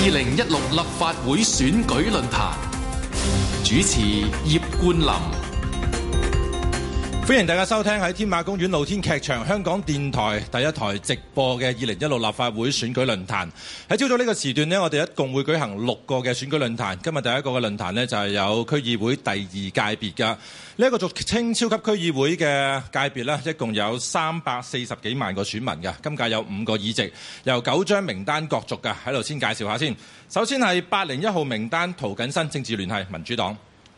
二零一六立法會選舉論壇，主持葉冠霖。歡迎大家收聽喺天馬公園露天劇場香港電台第一台直播嘅二零一六立法會選舉論壇。喺朝早呢個時段呢，我哋一共會舉行六個嘅選舉論壇。今日第一個嘅論壇呢，就係有區議會第二界別噶。呢、這、一個俗稱超級區議會嘅界別呢，一共有三百四十幾萬個選民㗎。今屆有五個議席，由九張名單角逐噶。喺度先介紹下先。首先係八零一號名單，涂謹申，政治聯繫民主黨。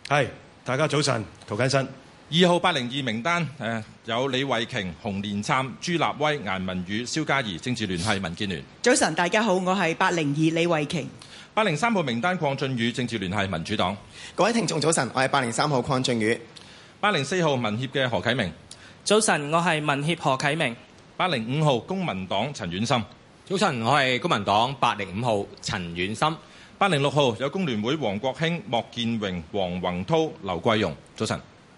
係，大家早晨，涂謹申。二號八零二名單誒，有李慧瓊、洪連杉、朱立威、顏汶羽、蕭嘉怡，政治聯繫民建聯。早晨，大家好，我係八零二李慧瓊。八零三號名單鄺俊宇，政治聯繫民主黨。各位聽眾早晨，我係八零三號鄺俊宇。八零四號民協嘅何啟明。早晨，我係民協何啟明。八零五號公民黨陳琬琛。早晨，我係公民黨八零五號陳琬琛。八零六號有工聯會王國興、莫建榮、黃宏濤、劉桂容。早晨。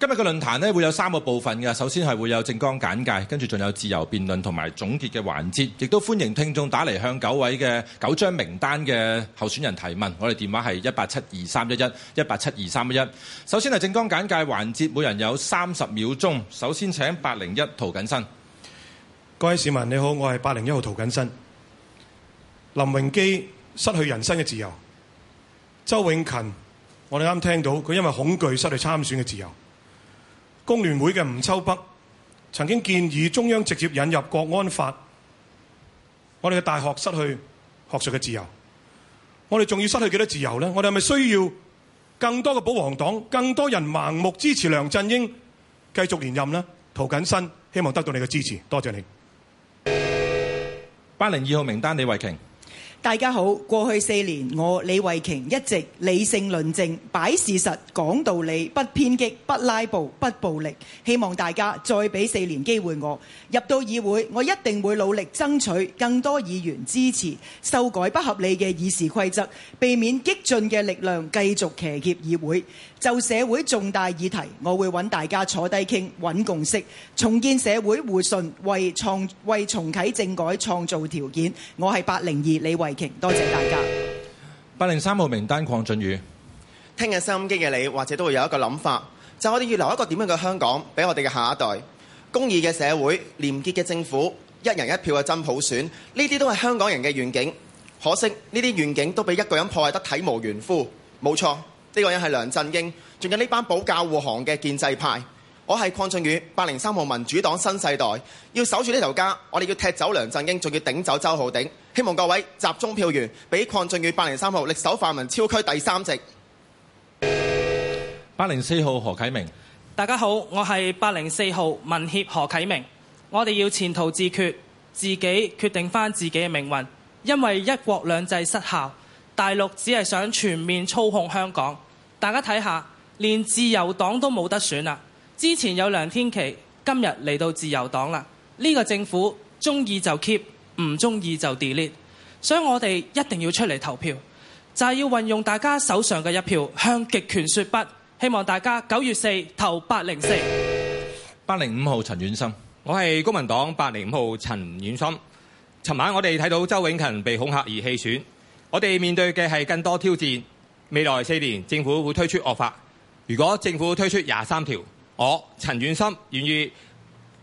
今日嘅論壇呢會有三個部分嘅，首先係會有政綱簡介，跟住仲有自由辯論同埋總結嘅環節，亦都歡迎聽眾打嚟，向九位嘅九張名單嘅候選人提問。我哋電話係一八七二三一一一八七二三一一。首先係政綱簡介環節，每人有三十秒鐘。首先請八零一涂謹申。各位市民你好，我係八零一號涂謹申。林榮基失去人身嘅自由，周永勤，我哋啱聽到佢因為恐懼失去參選嘅自由。工聯會嘅吳秋北曾經建議中央直接引入國安法，我哋嘅大學失去學術嘅自由，我哋仲要失去幾多自由呢？我哋係咪需要更多嘅保皇黨、更多人盲目支持梁振英繼續連任呢？涂謹申希望得到你嘅支持，多謝，謝你。八零二號名單，李慧瓊。大家好，過去四年我李慧瓊一直理性論證、擺事實、講道理，不偏激、不拉布、不暴力。希望大家再俾四年機會我入到議會，我一定會努力爭取更多議員支持，修改不合理嘅議事規則，避免激進嘅力量繼續騎劫議會。就社會重大議題，我會揾大家坐低傾，揾共識，重建社會互信，為創，為重啟政改創造條件。我係八零二李慧瓊，多謝大家。八零三號名單：鄺俊宇。聽日收音機嘅你，或者都會有一個諗法，就我哋要留一個點樣嘅香港俾我哋嘅下一代？公義嘅社會、廉潔嘅政府、一人一票嘅真普選，呢啲都係香港人嘅願景。可惜呢啲願景都俾一個人破壞得體無完膚。冇錯。呢個人係梁振英，仲有呢班保駕護航嘅建制派。我係鄺俊宇，八零三號民主黨新世代，要守住呢頭家，我哋要踢走梁振英，仲要頂走周浩鼎。希望各位集中票源，俾鄺俊宇八零三號力守泛民超區第三席。八零四號何啟明，大家好，我係八零四號民協何啟明，我哋要前途自決，自己決定返自己嘅命運，因為一國兩制失效。大陸只係想全面操控香港，大家睇下，連自由黨都冇得選啦。之前有梁天琦，今日嚟到自由黨啦。呢個政府中意就 keep，唔中意就 delete。所以我哋一定要出嚟投票，就係要運用大家手上嘅一票，向極權說不。希望大家九月四投八零四、八零五號。陳琬琛，我係公民黨八零五號陳琬琛。尋晚我哋睇到周永勤被恐嚇而棄選。我哋面對嘅係更多挑戰。未來四年，政府會推出惡法。如果政府推出廿三條，我陳遠心願意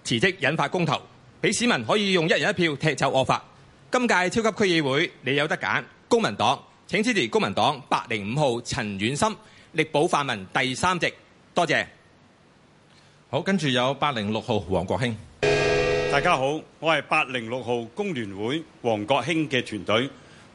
辭職，引發公投，俾市民可以用一人一票踢走惡法。今屆超級區議會，你有得揀。公民黨請支持公民黨八零五號陳遠心，力保泛民第三席。多謝。好，跟住有八零六號王國興。大家好，我係八零六號工聯會王國興嘅團隊。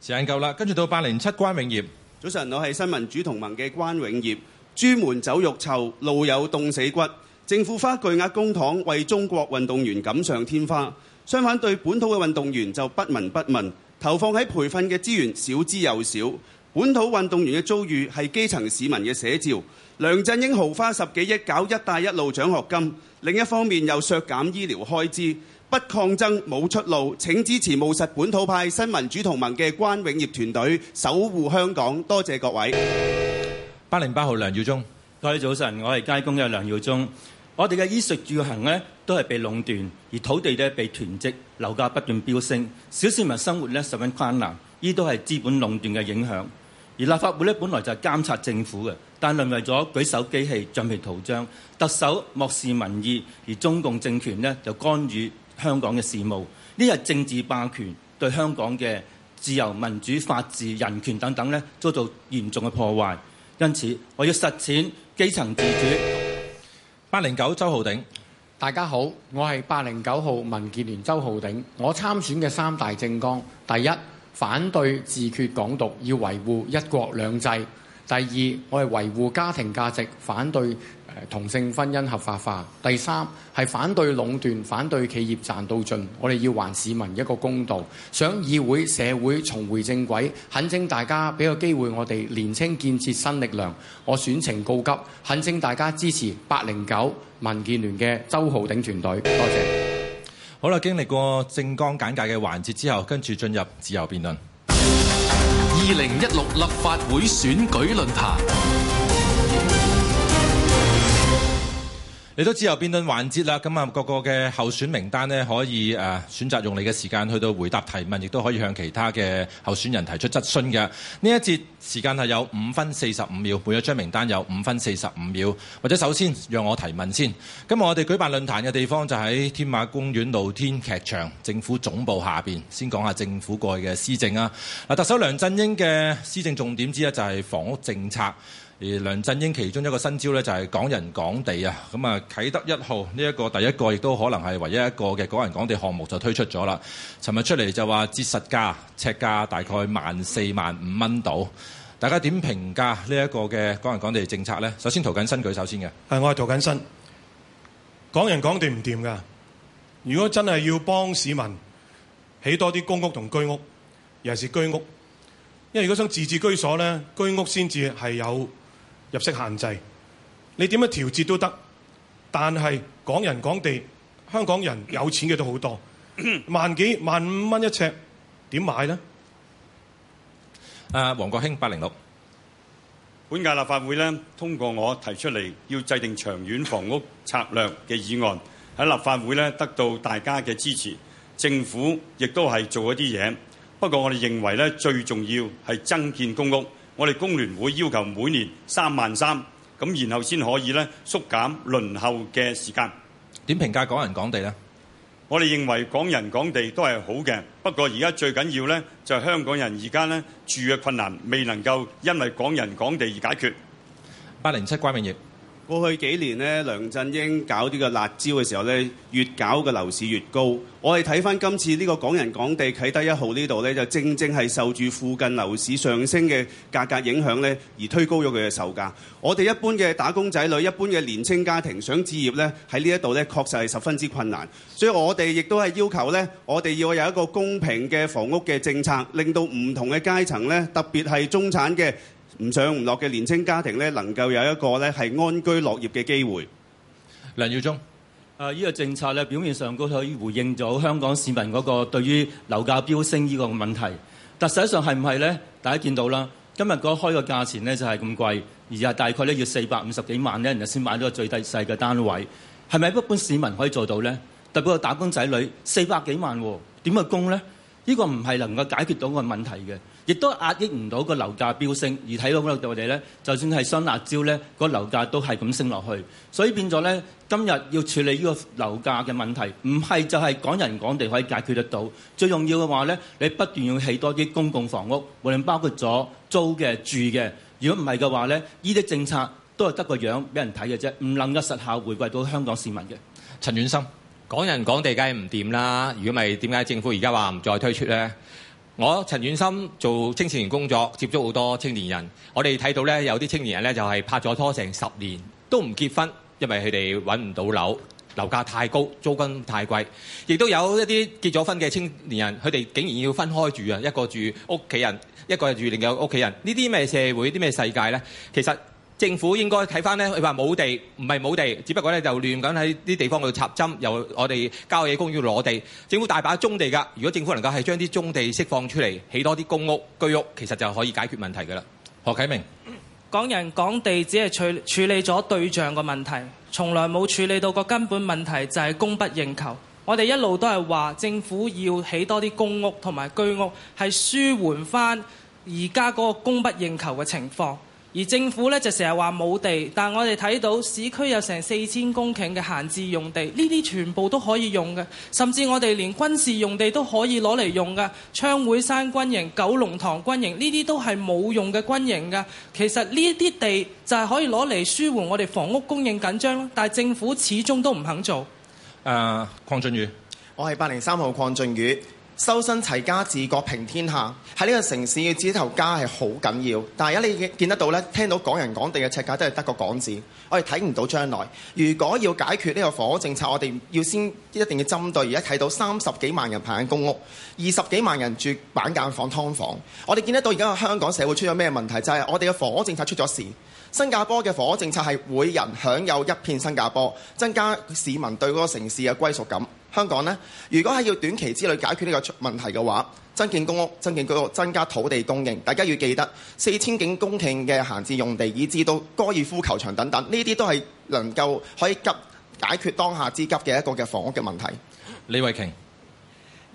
時間夠啦，跟住到八零七關永業。早晨，我係新民主同盟嘅關永業。朱門酒肉臭，路有凍死骨。政府花巨額公帑為中國運動員錦上添花，相反對本土嘅運動員就不聞不問。投放喺培訓嘅資源少之又少。本土運動員嘅遭遇係基層市民嘅寫照。梁振英豪花十幾億搞一帶一路獎學金，另一方面又削減醫療開支。不抗爭冇出路，請支持務實本土派、新民主同盟嘅關永業團隊，守護香港。多謝各位。八零八號梁耀忠，各位早晨，我係街工嘅梁耀忠。我哋嘅衣食住行呢，都係被壟斷，而土地呢，被囤積，樓價不斷飆升，小市民生活呢，十分困難。呢都係資本壟斷嘅影響。而立法會呢，本來就係監察政府嘅，但淪為咗舉手機器、橡皮圖章，特首漠視民意，而中共政權呢，就干預香港嘅事務，呢係政治霸權對香港嘅自由、民主、法治、人權等等咧，遭到嚴重嘅破壞。因此，我要實踐基層自主。八零九，周浩鼎，大家好，我係八零九號民建聯周浩鼎，我參選嘅三大政綱：第一，反對自決港獨，要維護一國兩制；第二，我係維護家庭價值，反對同性婚姻合法化。第三，係反對壟斷，反對企業賺到盡，我哋要還市民一個公道，想議會社會重回正軌，懇請大家俾個機會我哋年青建設新力量。我選情告急，懇請大家支持八零九民建聯嘅周浩鼎團隊，多謝。好啦，經歷過政綱簡介嘅環節之後，跟住進入自由辯論。二零一六立法會選舉論壇。你都知有辯論環節啦，咁啊各個嘅候選名單呢，可以誒選擇用你嘅時間去到回答提問，亦都可以向其他嘅候選人提出質詢嘅。呢一節時間係有五分四十五秒，每一張名單有五分四十五秒。或者首先讓我提問先。今日我哋舉辦論壇嘅地方就喺天馬公園露天劇場，政府總部下面。先講下政府過去嘅施政啦。嗱，特首梁振英嘅施政重點之一就係房屋政策。而梁振英其中一個新招咧，就係港人港地啊！咁啊，啟德一號呢一個第一個，亦都可能係唯一一個嘅港人港地項目就推出咗啦。尋日出嚟就話折實價，尺價大概萬四萬五蚊度。大家點評價呢一個嘅港人港地政策咧？首先，涂謹申舉手先嘅。係，我係涂謹申。港人港地唔掂噶。如果真係要幫市民起多啲公屋同居屋，尤其是居屋，因為如果想自治居所咧，居屋先至係有。入息限制，你點樣調節都得，但係港人港地，香港人有錢嘅都好多，萬幾萬五蚊一尺，點買呢？啊，王國興八零六，本屆立法會咧通過我提出嚟要制定長遠房屋策略嘅議案，喺立法會咧得到大家嘅支持，政府亦都係做咗一啲嘢，不過我哋認為咧最重要係增建公屋。我哋工聯會要求每年三萬三，咁然後先可以咧縮減輪候嘅時間。點評價港人港地咧？我哋認為港人港地都係好嘅，不過而家最緊要咧就係香港人而家咧住嘅困難未能夠因為港人港地而解決。八零七關永業。過去幾年呢，梁振英搞呢個辣招嘅時候呢，越搞嘅樓市越高。我哋睇返今次呢個港人港地啟德一號呢度呢，就正正係受住附近樓市上升嘅價格影響呢，而推高咗佢嘅售價。我哋一般嘅打工仔女，一般嘅年青家庭想置業呢，喺呢一度呢，確實係十分之困難。所以我哋亦都係要求呢，我哋要有一個公平嘅房屋嘅政策，令到唔同嘅階層呢，特別係中產嘅。唔上唔落嘅年青家庭咧，能夠有一個咧係安居樂業嘅機會。梁耀忠，啊，依、呢個政策咧，表面上都可以回應咗香港市民嗰個對於樓價飆升呢個問題，但實際上係唔係咧？大家見到啦，今日嗰開個價錢咧就係、係、咁貴，而係大概咧要四百五十幾萬咧，然後先買到個最低細嘅單位，係咪一般市民可以做到咧？特別個打工仔女，四百幾萬喎、啊，點去供咧？呢、呢個唔係能夠解決到個問題嘅。亦都壓抑唔到個樓價飆升，而睇到我哋咧，就算係新辣招咧，個樓價都係咁升落去，所以變咗咧，今日要處理呢個樓價嘅問題，唔係就係港人港地可以解決得到。最重要嘅話咧，你不斷要起多啲公共房屋，無論包括咗租嘅住嘅。如果唔係嘅話咧，呢啲政策都係得個樣俾人睇嘅啫，唔能夠實效回饋到香港市民嘅。陳婉嫻，港人港地梗係唔掂啦，如果咪點解政府而家話唔再推出咧？我陳遠心做青少年工作，接觸好多青年人。我哋睇到咧，有啲青年人咧就係拍咗拖成十年都唔結婚，因為佢哋揾唔到樓，樓價太高，租金太貴。亦都有一啲結咗婚嘅青年人，佢哋竟然要分開住啊！一個住屋企人，一個住另外屋企人。呢啲咩社會？啲咩世界呢？其實～政府應該睇翻呢，佢話冇地唔係冇地，只不過呢就亂緊喺啲地方度插針，由我哋郊野公園攞地。政府大把棕地㗎，如果政府能夠係將啲棕地釋放出嚟，起多啲公屋居屋，其實就可以解決問題㗎啦。何啟明，港人港地只係處理咗對象嘅問題，從來冇處理到個根本問題就係、是、供不應求。我哋一路都係話政府要起多啲公屋同埋居屋，係舒緩翻而家嗰個供不應求嘅情況。而政府呢，就成日話冇地，但係我哋睇到市區有成四千公頃嘅閒置用地，呢啲全部都可以用嘅，甚至我哋連軍事用地都可以攞嚟用嘅。昌會山軍營、九龍塘軍營呢啲都係冇用嘅軍營嘅，其實呢啲地就係可以攞嚟舒緩我哋房屋供應緊張，但係政府始終都唔肯做。誒，鄺俊宇，我係八零三號鄺俊宇。，修身齊家治國平天下喺呢個城市要指頭家係好緊要，但係而家你見得到咧，聽到講人講地嘅尺價都係得個「講」字。我哋睇唔到將來。如果要解決呢個房屋政策，我哋要先一定要針對而家睇到三十幾萬人排緊公屋，二十幾萬人住板間房、劏房。我哋見得到而家香港社會出咗咩問題？就係我哋嘅房屋政策出咗事。新加坡嘅房屋政策係每人享有一片新加坡，增加市民對嗰個城市嘅歸屬感。香港呢，如果係要短期之內解決呢個問題嘅話，增建公屋、增建居屋、增加土地供應，大家要記得四千幾公頃嘅閒置用地，以至到高爾夫球場等等，呢啲都係能夠可以急解決當下之急嘅一個嘅房屋嘅問題。李慧瓊。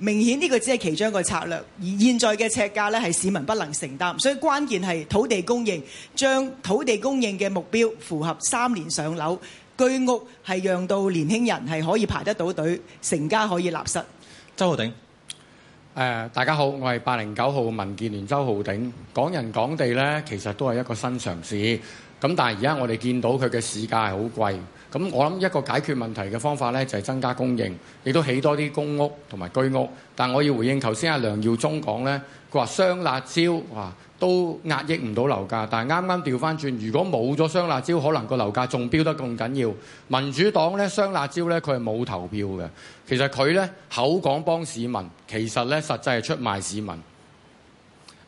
明顯呢個只係其中一個策略，而現在嘅尺價咧係市民不能承擔，所以關鍵係土地供應，將土地供應嘅目標符合三年上樓居屋，係讓到年輕人係可以排得到隊，成家可以立室。周浩鼎、呃，大家好，我係八零九號民建聯周浩鼎，港人港地咧其實都係一個新嘗試。咁但係而家我哋見到佢嘅市價係好貴，咁我諗一個解決問題嘅方法呢，就係、是、增加供應，亦都起多啲公屋同埋居屋。但我要回應頭先阿梁耀忠講呢，佢話雙辣招哇都壓抑唔到樓價，但係啱啱調返轉，如果冇咗雙辣招，可能個樓價仲飆得咁緊要。民主黨呢雙辣招呢，佢係冇投票嘅，其實佢呢，口講幫市民，其實呢實際係出賣市民。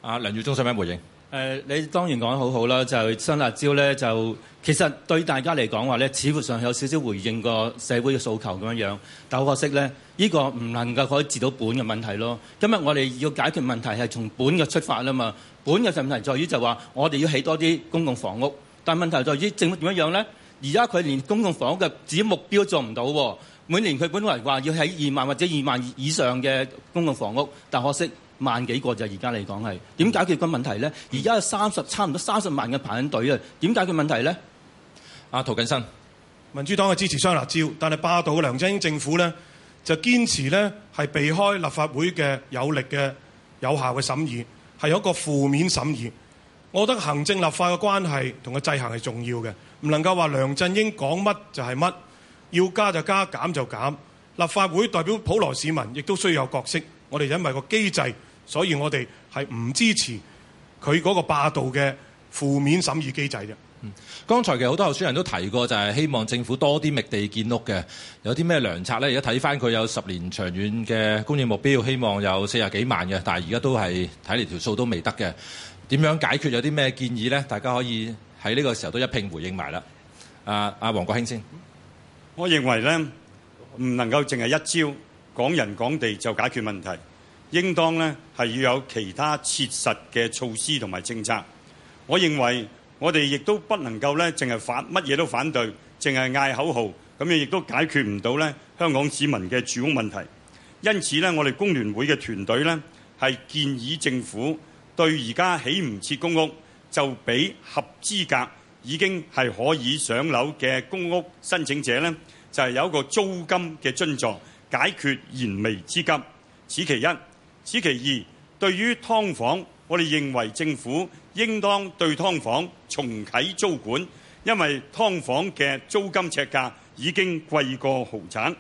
阿、啊、梁耀忠想唔想回應？誒、呃，你當然講得好好啦，就新辣招咧，就其實對大家嚟講話咧，似乎上是有少少回應個社會嘅訴求咁樣樣，但可惜咧，呢、呢個唔能夠可以治到本嘅問題咯。今日我哋要解決問題係從本嘅出發啦嘛，本嘅問題在於就話我哋要起多啲公共房屋，但問題在於政府點樣呢？咧？而家佢連公共房屋嘅自己目標做唔到、啊，每年佢本來話要起二萬或者二萬以上嘅公共房屋，但可惜。萬幾個就而家嚟講係點解決個問題咧？而家有三十差唔多三十萬嘅排緊隊啊！點解決問題咧？阿、啊、涂謹申，民主黨嘅支持雙辣招，但係霸道嘅梁振英政府咧就堅持咧係避開立法會嘅有力嘅有效嘅審議，係有一個負面審議。我覺得行政立法嘅關係同個制衡係重要嘅，唔能夠話梁振英講乜就係乜，要加就加，減就減。立法會代表普羅市民，亦都需要有角色。我哋因為個機制。所以我哋係唔支持佢嗰個霸道嘅負面審議機制嘅。嗯，剛才其實好多候選人都提過，就係希望政府多啲覓地建屋嘅，有啲咩良策咧？而家睇翻佢有十年長遠嘅供應目標，希望有四十幾萬嘅，但係而家都係睇嚟條數都未得嘅。點樣解決？有啲咩建議咧？大家可以喺呢個時候都一並回應埋啦。阿阿，黃國興先，我認為咧，唔能夠淨係一招港人港地就解決問題。應當呢，係要有其他切實嘅措施同埋政策。我認為我哋亦都不能夠呢淨係反乜嘢都反對，淨係嗌口號，咁樣亦都解決唔到呢香港市民嘅住屋問題。因此呢，我哋工聯會嘅團隊呢，係建議政府對而家起唔設公屋就俾合資格已經係可以上樓嘅公屋申請者呢，就係，是，有一個租金嘅津助，解決燃眉之急。此其一。此其二，對於劏房，我哋認為政府應當對劏房重啟租管，因為劏房嘅租金尺價已經貴過豪宅。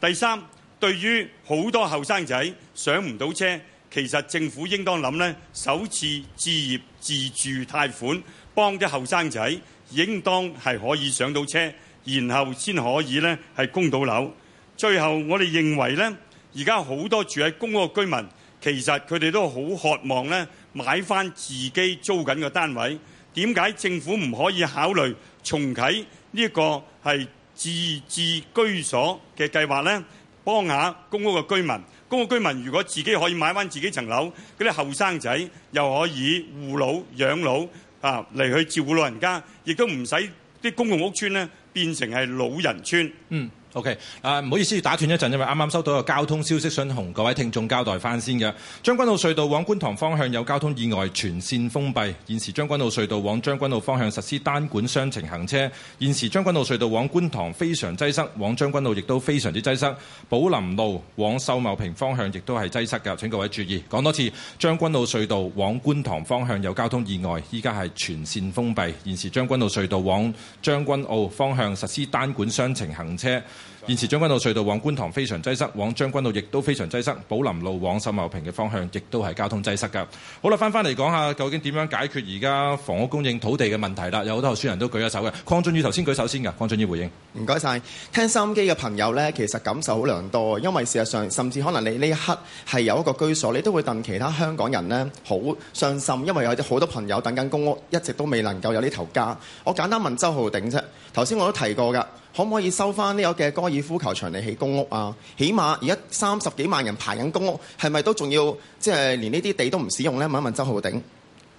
第三，對於好多後生仔上唔到車，其實政府應當諗咧，首次置業自住貸款幫啲後生仔，幫應當係可以上到車，然後先可以咧係供到樓。最後，我哋認為咧，而家好多住喺公屋居民。其實佢哋都好渴望咧，買翻自己租緊嘅單位。點解政府唔可以考慮重啟呢個係自置居所嘅計劃咧？幫下公屋嘅居民，公屋居民如果自己可以買翻自己層樓，嗰啲後生仔又可以護老養老啊，嚟去照顧老人家，亦都唔使啲公共屋邨咧變成係老人邨。嗯。OK，誒、uh，唔好意思打斷一陣，因為啱啱收到個交通消息，想同各位聽眾交代翻先嘅。將軍澳隧道往觀塘方向有交通意外，全線封閉。現時將軍澳隧道往將軍澳方向實施單管雙程行車。現時將軍澳隧道往觀塘非常擠塞，往將軍澳亦都非常之擠塞。寶林路往秀茂坪方向亦都係擠塞嘅。請各位注意，講多次，將軍澳隧道往觀塘方向有交通意外，依家係全線封閉。現時將軍澳隧道往將軍澳方向實施單管雙程行車。現時將軍澳隧道往觀塘非常擠塞，往將軍澳亦都非常擠塞。寶林路往秀茂坪嘅方向亦都係交通擠塞㗎。好啦，翻返嚟講下究竟點樣解決而家房屋供應土地嘅問題啦？有好多候選人都舉咗手嘅，鄺俊宇頭先舉手先㗎，鄺俊宇回應。唔該晒，聽收音機嘅朋友呢，其實感受好良多，因為事實上甚至可能你呢一刻係有一個居所，你都會戥其他香港人呢，好傷心，因為有啲好多朋友等緊公屋一直都未能夠有呢頭家。我簡單問周浩鼎啫，頭先我都提過㗎。可唔可以收翻呢？有嘅高爾夫球場嚟起公屋啊？起碼而家三十幾萬人排緊公屋，係咪都仲要即係、就是、連呢啲地都唔使用咧？問一問周浩鼎。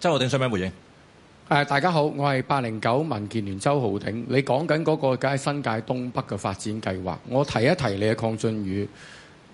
周浩鼎，上嚟回應。誒、啊，大家好，我係八零九民建聯周浩鼎。你講緊嗰個梗係新界東北嘅發展計劃。我提一提你嘅鄺俊宇。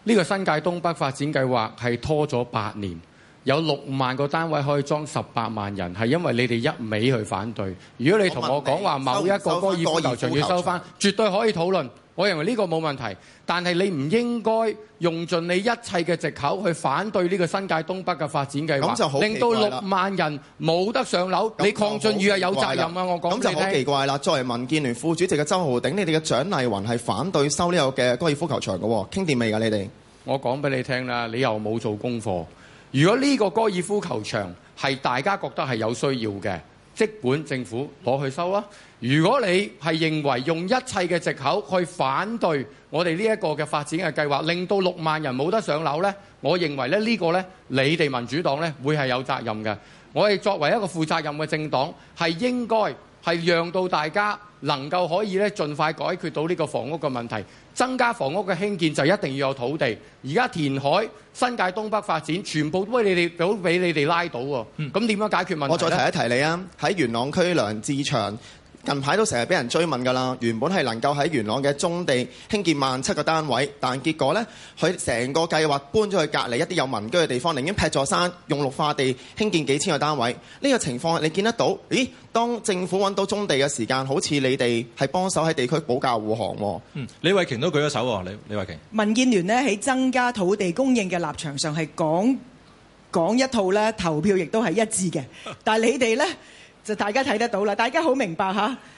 呢、這個新界東北發展計劃係拖咗八年。有六萬個單位可以裝十八萬人，係因為你哋一味去反對。如果你同我講話某一個高爾夫球場要收返，絕對可以討論。我認為呢個冇問題，但係你唔應該用盡你一切嘅藉口去反對呢個新界東北嘅發展計劃，令到六萬人冇得上樓。你鄺俊宇係有責任啊！我講你聽咁就好奇怪啦。作為民建聯副主席嘅周浩鼎，你哋嘅蔣麗雲係反對收呢個嘅高爾夫球場嘅，傾掂未㗎？你哋我講畀你聽啦，你又冇做功課。如果呢個高爾夫球場係大家覺得係有需要嘅，即管政府攞去收啦。如果你係認為用一切嘅借口去反對我哋呢一個嘅發展嘅計劃，令到六萬人冇得上樓咧，我認為咧、這、呢個咧你哋民主黨咧會係有責任嘅。我哋作為一個負責任嘅政黨，係應該係讓到大家能夠可以咧盡快解決到呢個房屋嘅問題。增加房屋嘅興建就一定要有土地，而家填海、新界東北發展，全部都係你哋都俾你哋拉倒喎。咁點、嗯、樣解決問題呢？我再提一提你啊，喺元朗區梁志祥，近排都成日俾人追問㗎啦，原本係能夠喺元朗嘅中地興建萬七個單位，但結果呢，佢成個計劃搬咗去隔離一啲有民居嘅地方，寧願劈座山，用綠化地興建幾千個單位。呢個情況你見得到？咦，當政府揾到中地嘅時間，好似你哋係幫手喺地區保駕護航。嗯，李慧瓊都舉咗手。李李慧瓊，民建聯呢喺增加土地供應嘅立場上係講講一套呢，投票亦都係一致嘅，但你哋呢？ 就大家睇得到了，大家好明白。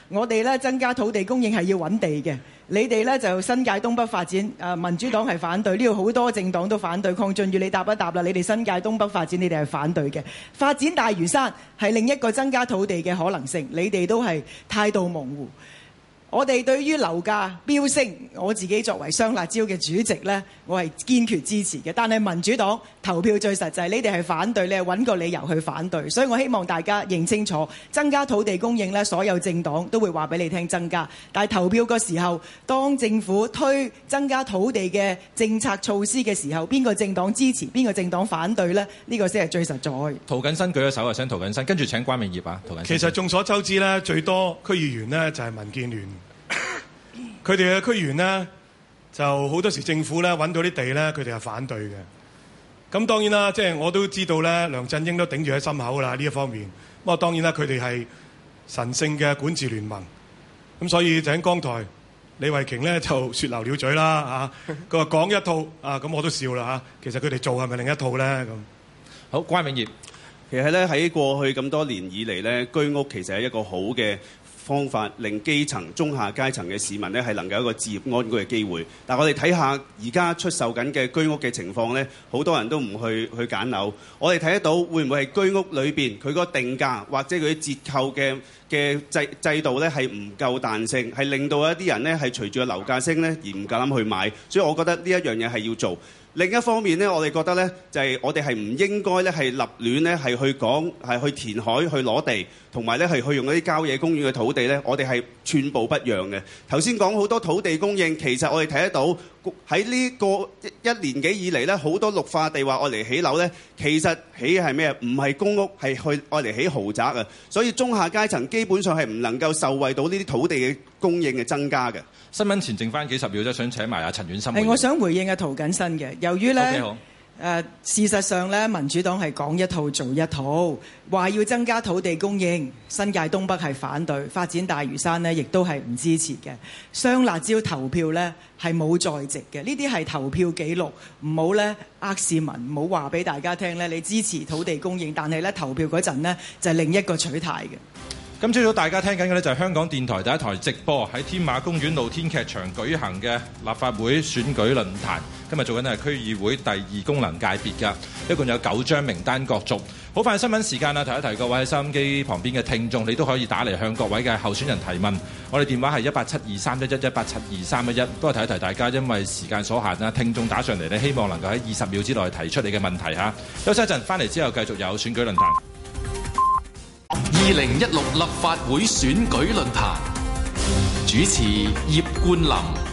我哋增加土地供應係要揾地嘅，你哋就新界東北發展，啊民主黨係反對，呢個好多政黨都反對。鄺俊宇，你答不答啦，你哋新界東北發展，你哋係反對嘅。發展大嶼山係另一個增加土地嘅可能性，你哋都係態度模糊。我哋對於樓價飆升，我自己作為雙辣椒嘅主席呢，我係堅決支持嘅。但係民主黨投票最實際：你哋係反對，你係揾個理由去反對。所以我希望大家認清楚，增加土地供應呢，所有政黨都會話俾你聽增加。但係投票個時候，當政府推增加土地嘅政策措施嘅時候，邊個政黨支持，邊個政黨反對呢，呢個先係最實在。涂謹申舉咗手啊，想涂謹申跟住請關明業啊，涂謹申其實眾所周知呢，最多區議員呢就係民建聯。佢哋嘅區議員咧，就好多時政府咧揾到啲地咧，佢哋係反對嘅。咁當然啦，即係我都知道咧，梁振英都頂住喺心口噶啦呢一方面。不過當然啦，佢哋係神聖嘅管治聯盟。咁所以就喺江台，李慧瓊咧就説漏了嘴啦嚇。佢話講一套，啊咁我都笑啦嚇。其實佢哋做係咪另一套咧咁？好，關永業。其實咧喺過去咁多年以嚟咧，居屋其實係一個好嘅。方法令基層、中下階層嘅市民咧係能夠有一個置業安居嘅機會。但係我哋睇下而家出售緊嘅居屋嘅情況咧，好多人都唔去去揀樓，我哋睇得到會唔會係居屋裏邊佢個定價，或者佢啲折扣嘅？嘅制制度咧係唔夠彈性，係令到一啲人咧係隨住個樓價升咧而唔夠膽去買，所以我覺得呢一樣嘢係要做。另一方面咧，我哋覺得咧就係我哋係唔應該咧係立亂咧係去講係去填海去攞地，同埋咧係去用一啲郊野公園嘅土地咧，我哋係寸步不讓嘅。頭先講好多土地供應，其實我哋睇得到。喺呢個一年幾以嚟咧，好多綠化地話愛嚟起樓咧，其實起係咩啊？唔係公屋，係去愛嚟起豪宅啊！所以中下階層基本上係唔能夠受惠到呢啲土地嘅供應嘅增加嘅。新聞前剩翻幾十秒啫，想請埋阿陳婉心。係，我想回應阿、啊、涂謹申嘅，由於咧。Okay, 啊、事實上咧，民主黨係講一套做一套，話要增加土地供應，新界東北係反對，發展大嶼山呢亦都係唔支持嘅。雙辣招投票呢係冇在席嘅，呢啲係投票記錄，唔好呢呃市民，唔好話俾大家聽呢。你支持土地供應，但係呢投票嗰陣呢，就係另一個取態嘅。今朝早大家聽緊嘅呢，就係香港電台第一台直播喺天馬公園露天劇場舉行嘅立法會選舉論壇，今日做緊係區議會第二功能界別㗎，一共有九張名單角逐。好快新聞時間啦，提一提各位收音機旁邊嘅聽眾，你都可以打嚟向各位嘅候選人提問。我哋電話係一八七二三一一一八七二三一一，都係提一提大家，因為時間所限啦，聽眾打上嚟呢，你希望能夠喺二十秒之內提出你嘅問題吓。休息一陣，翻嚟之後繼續有選舉論壇。二零一六立法會選舉論壇，主持葉冠霖。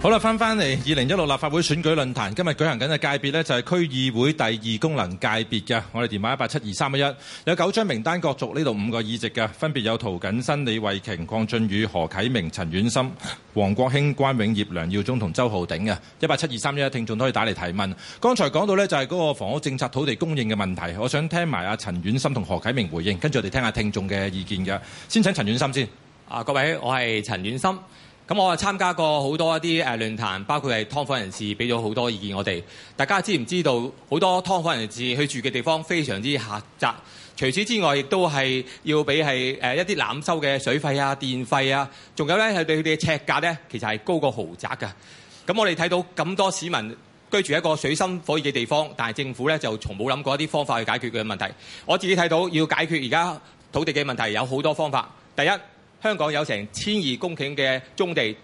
好啦，翻翻嚟二零一六立法會選舉論壇，今日舉行緊嘅界別呢，就係區議會第二功能界別嘅。我哋電話一八七二三一一，有九張名單角逐呢度五個議席嘅，分別有涂謹申、李慧瓊、鄺俊宇、何啟明、陳婉心、王國興、關永業、梁耀忠同周浩鼎嘅一八七二三一一，31，聽眾都可以打嚟提問。剛才講到呢，就係嗰個房屋政策、土地供應嘅問題，我想聽埋阿陳婉心同何啟明回應，跟住我哋聽下聽眾嘅意見嘅。先請陳婉心先。啊，各位，我係陳婉心。咁我係參加過好多一啲誒論，包括係湯房人士俾咗好多意見我哋。大家知唔知道？好多湯房人士去住嘅地方非常之狹窄。除此之外，亦都係要俾係一啲濫收嘅水費啊、電費啊，仲有咧係對佢哋嘅尺價咧，其實係高過豪宅㗎。咁我哋睇到咁多市民居住喺一個水深火熱嘅地方，但係政府咧就從冇諗過一啲方法去解決佢嘅問題。我自己睇到要解決而家土地嘅問題，有好多方法。第一。香港有成千二公頃嘅棕地，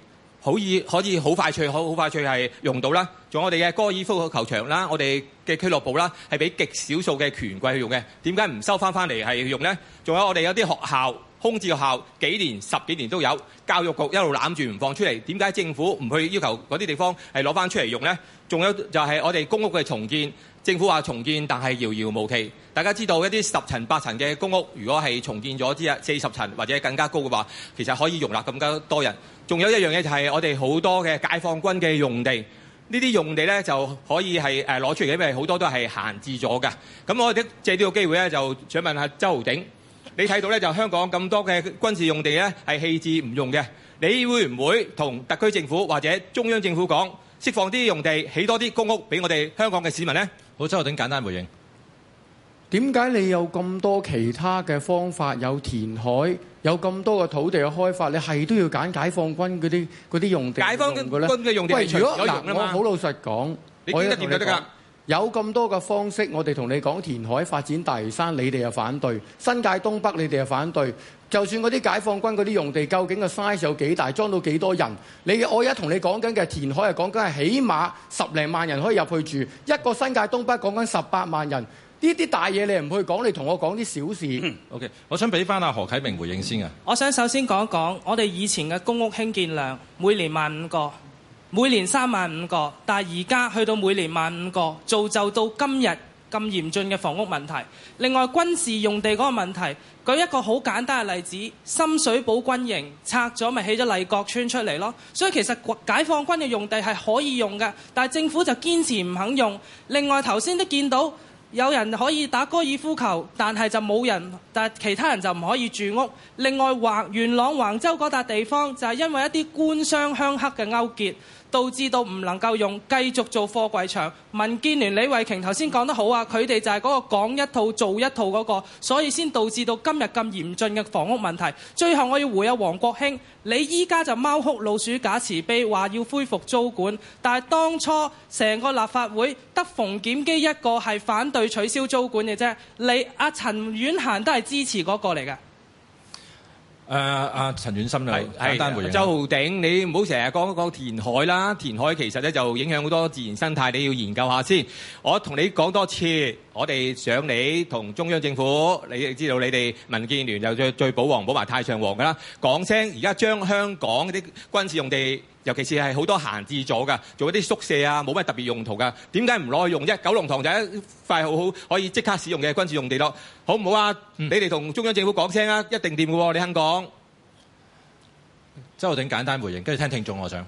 可以可以好快速、好快速係用到啦。仲有我哋嘅哥爾夫球場啦、我哋嘅俱樂部啦，係俾極少數嘅權貴去用嘅。點解唔收返返嚟係用呢？仲有我哋有啲學校，空置學校幾年、十幾年都有，教育局一路攬住唔放出嚟，點解政府唔去要求嗰啲地方係攞翻出嚟用呢？仲有就係我哋公屋嘅重建，政府話重建，但係遙遙無期。大家知道一啲十層、八層嘅公屋，如果係重建咗之後四十層或者更加高嘅話，其實可以容納更加多人。仲有一樣嘢就係我哋好多嘅解放軍嘅用地，呢啲用地呢就可以係攞出嚟，因為好多都係閒置咗嘅。咁我哋借呢個機會咧，就想問下周豪鼎。你睇到咧，就香港咁多嘅軍事用地咧，係棄置唔用嘅。你會唔會同特區政府或者中央政府講，釋放啲用地，起多啲公屋俾我哋香港嘅市民咧？好，周浩鼎簡單回應。點解你有咁多其他嘅方法，有填海，有咁多嘅土地嘅開發，你係都要揀解放軍嗰啲嗰啲用地，解放軍嘅用地咧？喂，如果嗱，我好老實講，我一聽到呢個。有咁多嘅方式，我哋同你講填海發展大嶼山，你哋又反對，新界東北，你哋又反對。就算嗰啲解放軍嗰啲用地究竟嘅 size 有幾大，裝到幾多人？你我而家同你講緊嘅填海係，講緊係起碼十零萬人可以入去住，一個新界東北講緊十八萬人。呢啲大嘢，你唔去講，你同我講啲小事。OK，我想俾翻阿何啟明回應先啊。我想首先講一講我哋以前嘅公屋興建量，每年萬五個。每年三萬五個，但係而家去到每年萬五個，造就到今日咁嚴峻嘅房屋問題。另外軍事用地嗰個問題，舉一個好簡單嘅例子，深水埗軍營拆咗咪起咗麗閣村出嚟咯。所以其實解放軍嘅用地係可以用嘅，但係政府就堅持唔肯用。另外頭先都見到有人可以打高爾夫球，但係就冇人，但其他人就唔可以住屋。另外元朗橫洲嗰笪地方就係、是、因為一啲官商鄉黑嘅勾結。導致到唔能夠用，繼續做貨櫃場。民建聯李慧瓊頭先講得好啊！佢哋就係嗰個講一套做一套嗰個，所以先導致到今日咁嚴峻嘅房屋問題。最後我要回阿王國興，你依家就貓哭老鼠假慈悲，話要恢復租管，但係當初成個立法會得馮檢基一個係反對取消租管嘅啫，你阿陳婉嫻都係支持嗰個嚟嘅。誒，阿陳婉心啊，簡單回應。周浩鼎，你唔好成日講講填海啦，填海其實咧就影響好多自然生態，你要研究下先。我同你講多次，我哋想你同中央政府，你亦知道，你哋民建聯又最最保皇，保埋太上皇噶啦，講聲而家將香港嗰啲軍事用地。尤其是係好多閒置咗㗎，做一啲宿舍啊，冇乜特別用途㗎，點解唔攞去用呢？九龍塘就係一塊好好可以即刻使用嘅軍事用地咯。好唔好啊？嗯、你哋同中央政府講聲啊，一定掂喎，啊，你肯講？周浩鼎簡單回應，跟住聽聽眾我想，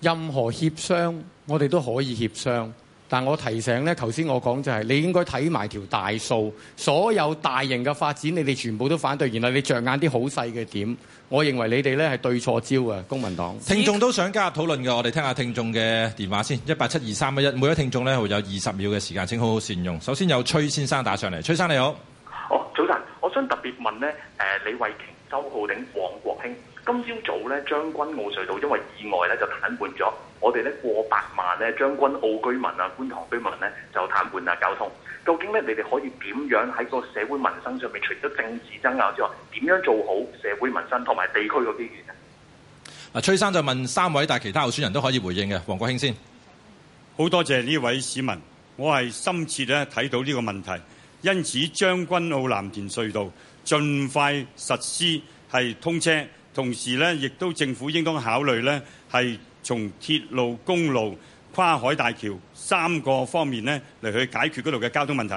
任何協商我哋都可以協商。但我提醒咧，頭先我講就係，你應該睇埋條大數，所有大型嘅發展，你哋全部都反對，然後你着眼啲好細嘅點。我認為你哋咧係對錯招啊，公民黨。聽眾都想加入討論嘅，我哋聽下聽眾嘅電話先，一八七二三一一。每位聽眾咧，會有二十秒嘅時間，請好好善用。首先有崔先生打上嚟，崔生你好。好早晨，我想特別問咧，誒、呃、李慧瓊、周浩鼎、黃國興。今朝早咧，將軍澳隧道因為意外咧就癱瘓咗。我哋呢過百萬咧將軍澳居民啊、觀塘居民咧就癱瘓啊交通。究竟咧你哋可以點樣喺個社會民生上面，除咗政治爭拗之外，點樣做好社會民生同埋地區嘅邊緣呢？啊，崔生就問三位，但其他候選人都可以回應嘅。王國興先，好多謝呢位市民，我係深切咧睇到呢個問題，因此將軍澳藍田隧道盡快實施係通車。同時咧，亦都政府應當考慮咧，係從鐵路、公路、跨海大橋三個方面咧嚟去解決嗰度嘅交通問題。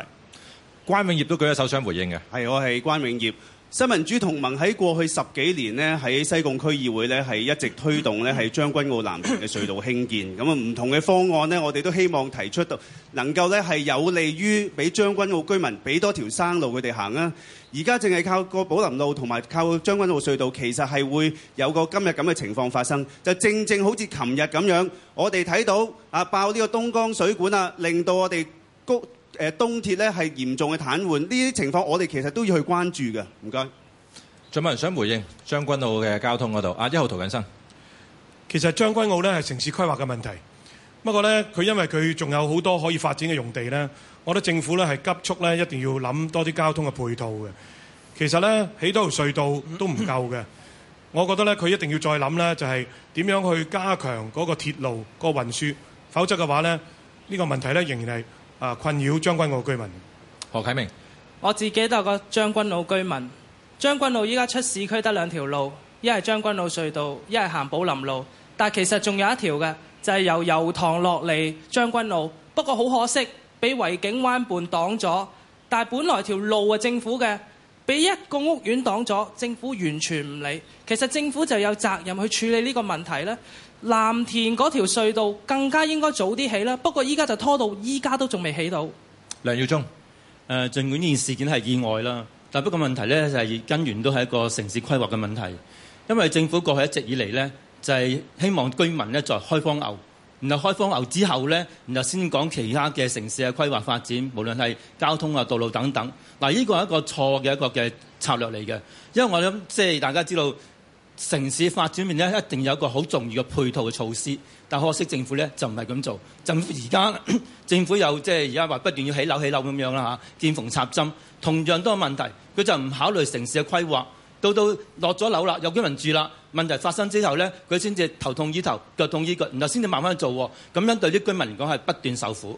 關永業都舉咗手想回應嘅，係我係關永業。新民主同盟喺過去十幾年呢，喺西貢區議會呢，係一直推動呢，係將軍澳南邊嘅隧道興建。咁唔同嘅方案呢，我哋都希望提出到能夠呢，係有利於俾將軍澳居民俾多條生路佢哋行啦。而家淨係靠個寶林路同埋靠將軍澳隧道，其實係會有個今日咁嘅情況發生。就正正好似琴日咁樣，我哋睇到啊爆呢個東江水管啊，令到我哋誒東鐵咧係嚴重嘅癱瘓，呢啲情況我哋其實都要去關注嘅。唔該。仲有人想回應將軍澳嘅交通嗰度啊，一號涂謹申。其實將軍澳呢係城市規劃嘅問題，不過呢，佢因為佢仲有好多可以發展嘅用地呢，我覺得政府呢係急速呢一定要諗多啲交通嘅配套嘅。其實呢，起多條隧道都唔夠嘅，我覺得呢，佢一定要再諗呢就係點樣去加強嗰個鐵路、嗰個運輸，否則嘅話呢，呢、呢個問題呢仍然係。啊！困擾將軍澳居民。何啟明，我自己都係個將軍澳居民。將軍澳依家出市區得兩條路，一係將軍澳隧道，一係行寶林路。但其實仲有一條嘅，就係由油塘落嚟將軍澳。不過好可惜，俾維景灣畔擋咗。但係本來條路係政府嘅，俾一個屋苑擋咗，政府完全唔理。其實政府就有責任去處理呢個問題呢。藍田嗰條隧道更加應該早啲起啦，不過依家就拖到依家都仲未起到。梁耀忠，誒、呃，儘管呢件事件係意外啦，但不過問題呢就係、是、根源都係一個城市規劃嘅問題，因為政府過去一直以嚟呢，就係、是、希望居民呢再開荒牛，然後開荒牛之後呢，然後先講其他嘅城市嘅規劃發展，無論係交通啊、道路等等。嗱，呢個係一個錯嘅一個嘅策略嚟嘅，因為我諗即係大家知道。城市發展面咧，一定有一個好重要嘅配套嘅措施，但可惜政府呢就唔係咁做。政府而家政府又即係而家話不斷要起樓起樓咁樣啦嚇，見縫插針，同樣都有問題。佢就唔考慮城市嘅規劃，到到落咗樓啦，有居民住啦，問題發生之後呢，佢先至頭痛醫頭，腳痛醫腳，然後先至慢慢去做喎。咁樣對於居民嚟講係不斷受苦。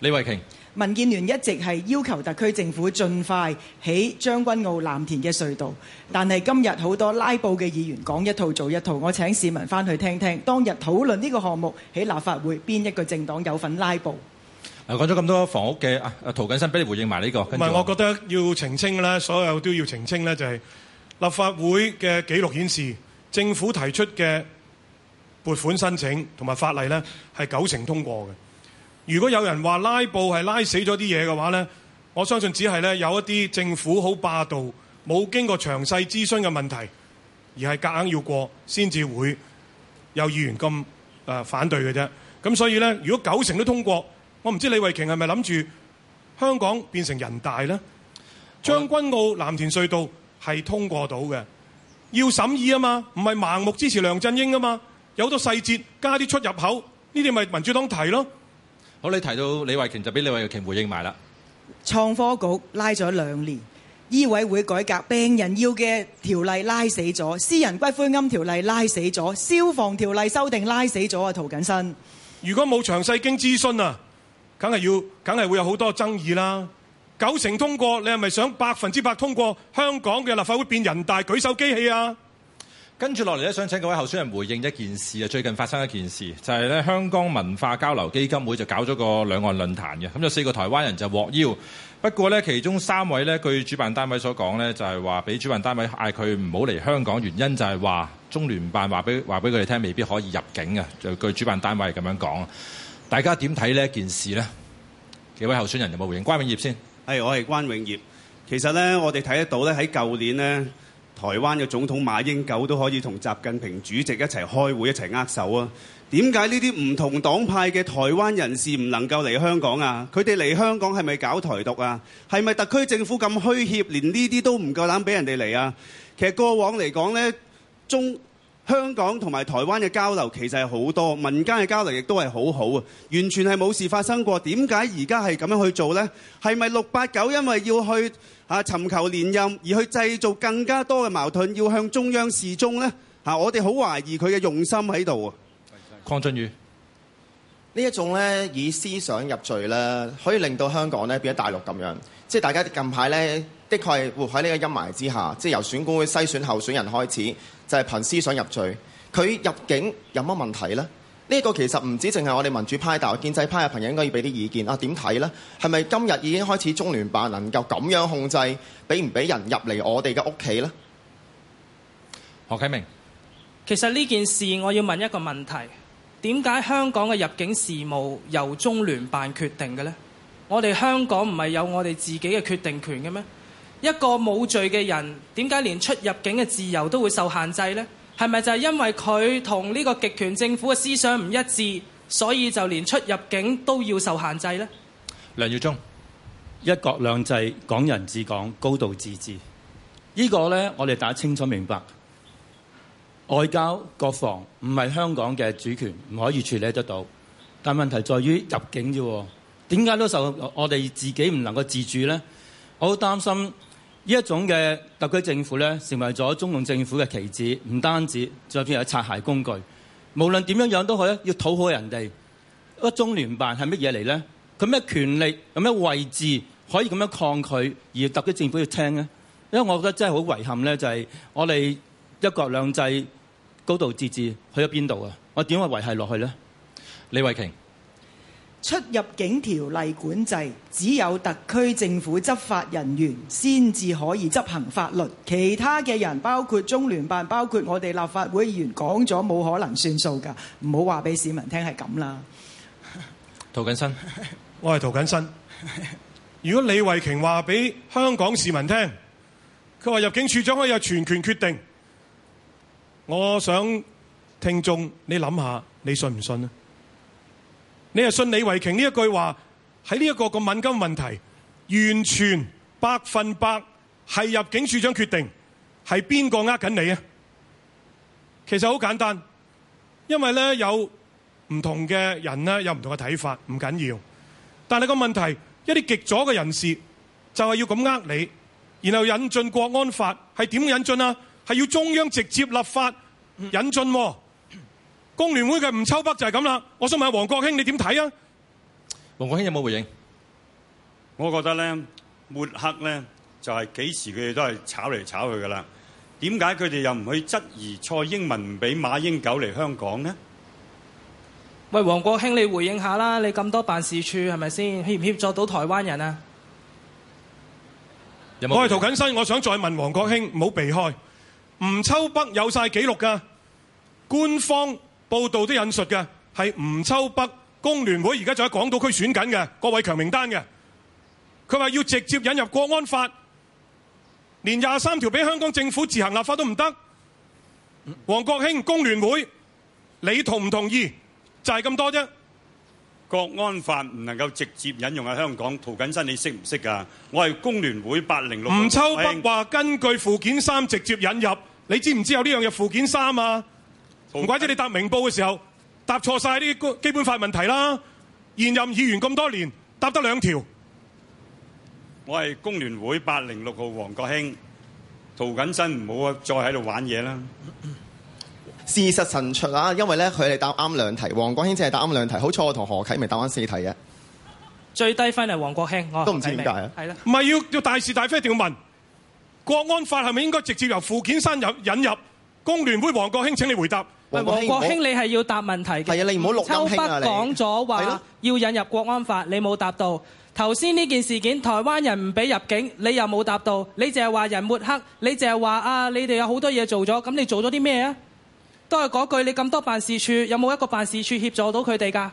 李慧瓊。民建聯一直係要求特區政府盡快起將軍澳藍田嘅隧道，但係今日好多拉布嘅議員講一套做一套。我請市民翻去聽聽，當日討論呢個項目喺立法會邊一個政黨有份拉布？嗱、啊，講咗咁多房屋嘅啊，啊，涂謹申俾你回應埋、這、呢個。唔係，我覺得要澄清咧，所有都要澄清咧，就係立法會嘅記錄顯示，政府提出嘅撥款申請同埋法例咧，係九成通過嘅。如果有人話拉布係拉死咗啲嘢嘅話咧，我相信只係咧有一啲政府好霸道，冇經過詳細諮詢嘅問題，而係夾硬要過先至會有議員咁、呃、反對嘅啫。咁所以咧，如果九成都通過，我唔知李慧瓊係咪諗住香港變成人大咧？將軍澳藍田隧道係通過到嘅，要審議啊嘛，唔係盲目支持梁振英啊嘛。有好多細節加啲出入口呢啲，咪民主黨提咯。好，你提到李慧瓊就俾李慧瓊回應埋啦。創科局拉咗兩年，醫委會改革，病人要嘅條例拉死咗，私人骨灰龕條例拉死咗，消防條例修訂拉死咗啊！涂謹申，如果冇詳細經諮詢啊，梗係要，梗係會有好多爭議啦。九成通過，你係咪想百分之百通過香港嘅立法會變人大舉手機器啊？跟住落嚟咧，想請各位候選人回應一件事啊！最近發生一件事，就係咧香港文化交流基金會就搞咗個兩岸論壇嘅，咁有四個台灣人就獲邀。不過咧，其中三位咧，據主辦單位所講咧，就係話俾主辦單位嗌佢唔好嚟香港，原因就係話中聯辦話俾話俾佢哋聽，未必可以入境㗎。就據主辦單位咁樣講，大家點睇呢一件事呢？幾位候選人有冇回應？關永業先，係，我係關永業。其實咧，我哋睇得到咧，喺舊年呢，台灣嘅總統馬英九都可以同習近平主席一齊開會，一齊握手啊？點解呢啲唔同黨派嘅台灣人士唔能夠嚟香港啊？佢哋嚟香港係咪搞台獨啊？係咪特區政府咁虛怯，連呢啲都唔夠膽俾人哋嚟啊？其實過往嚟講呢，中香港同埋台灣嘅交流其實係好多，民間嘅交流亦都係好好啊，完全係冇事發生過。點解而家係咁樣去做呢？係咪六八九因為要去？尋求連任而去製造更加多嘅矛盾，要向中央示忠呢，我哋好懷疑佢嘅用心喺度。鄺俊宇這呢一種以思想入罪呢，可以令到香港咧變咗大陸咁樣，即係大家近排呢，的確係活喺呢個陰霾之下，即係由選舉委會篩選候選人開始，就係、是、憑思想入罪，佢入境有乜問題呢？呢個其實唔止淨係我哋民主派，但係建制派嘅朋友應該要俾啲意見啊？點睇咧？係咪今日已經開始中聯辦能夠咁樣控制，俾唔俾人入嚟我哋嘅屋企呢？何啟明，其實呢件事我要問一個問題：點解香港嘅入境事務由中聯辦決定嘅呢？我哋香港唔係有我哋自己嘅決定權嘅咩？一個冇罪嘅人，點解連出入境嘅自由都會受限制呢？係咪就係因為佢同呢個極權政府嘅思想唔一致，所以就連出入境都要受限制呢？梁耀忠，一國兩制，港人治港，高度自治。呢個呢，我哋大家清楚明白。外交國防唔係香港嘅主權，唔可以處理得到。但問題在於入境啫，點解都受我哋自己唔能夠自主呢？我好擔心。呢一種嘅特區政府咧，成為咗中共政府嘅棋子，唔單止，仲有變咗擦鞋工具。無論點樣樣都好咧，要討好人哋。嗰中聯辦係乜嘢嚟咧？佢咩權力，有咩位置可以咁樣抗拒而特區政府要聽咧？因為我覺得真係好遺憾咧，就係我哋一國兩制高度自治去咗邊度啊？我點樣維係落去咧？李慧瓊。出入境條例管制，只有特區政府執法人員先至可以執行法律，其他嘅人包括中聯辦、包括我哋立法會議員講咗冇可能算數㗎，唔好話俾市民聽係咁啦。陶錦新，我係陶錦新。 如果李慧瓊話俾香港市民聽，佢話入境處長可以有全權決定，我想聽眾你諗下，你信唔信？你係信李維瓊呢一句話，喺呢一個敏感問題，完全百分百係入境處長決定，係邊個呃緊你？其實好簡單，因為呢，有唔同嘅人，有唔同嘅睇法，唔緊要。但係個問題，一啲極左嘅人士就係要噉呃你，然後引進國安法，係點引進啊？係要中央直接立法引進喎、啊。工聯會嘅吳秋北就係咁啦，我想問下王國興你點睇啊？王國興有冇回應？我覺得咧，抹黑咧就係幾時佢哋都係炒嚟炒去噶啦。點解佢哋又唔去質疑蔡英文唔俾馬英九嚟香港咧？喂，王國興你回應下啦！你咁多辦事處係咪先？協唔協助到台灣人啊？我係陶君行，我想再問王國興，唔好避開。吳秋北有曬記錄㗎，官方。報道都引述嘅係吳秋北工聯會，而家仲喺港島區選緊嘅郭偉強名單嘅。佢話要直接引入國安法，連廿三條俾香港政府自行立法都唔得。嗯、王國興工聯會，你同唔同意？就係、是、咁多啫。國安法唔能夠直接引用喺香港。涂謹申，你識唔識㗎？我係工聯會八零六。吳秋北話根據附件三直接引入，你知唔知有呢樣嘢附件三啊？唔怪知你答明報嘅時候答錯晒啲基本法問題啦！現任議員咁多年答得兩條，我係工聯會八零六號王國興，涂謹申唔好再喺度玩嘢啦！事實陳述啊，因為咧佢哋答啱兩題，王國興只係答啱兩題，好彩我同何啟明答翻四題嘅，最低分係王國興，我都唔知點解啊？唔係要要大是大非一定要問國安法係咪應該直接由附件三引引入工聯會王國興請你回答。喂，黃國興，國興你係要答問題嘅。係啊，你唔好錄秋北講咗話要引入國安法，的你冇答到。頭先呢件事件，台灣人唔俾入境，你又冇答到。你淨係話人抹黑，你淨係話啊，你哋有好多嘢做咗，咁你做咗啲咩啊？都係嗰句，你咁多辦事處，有冇一個辦事處協助到佢哋㗎？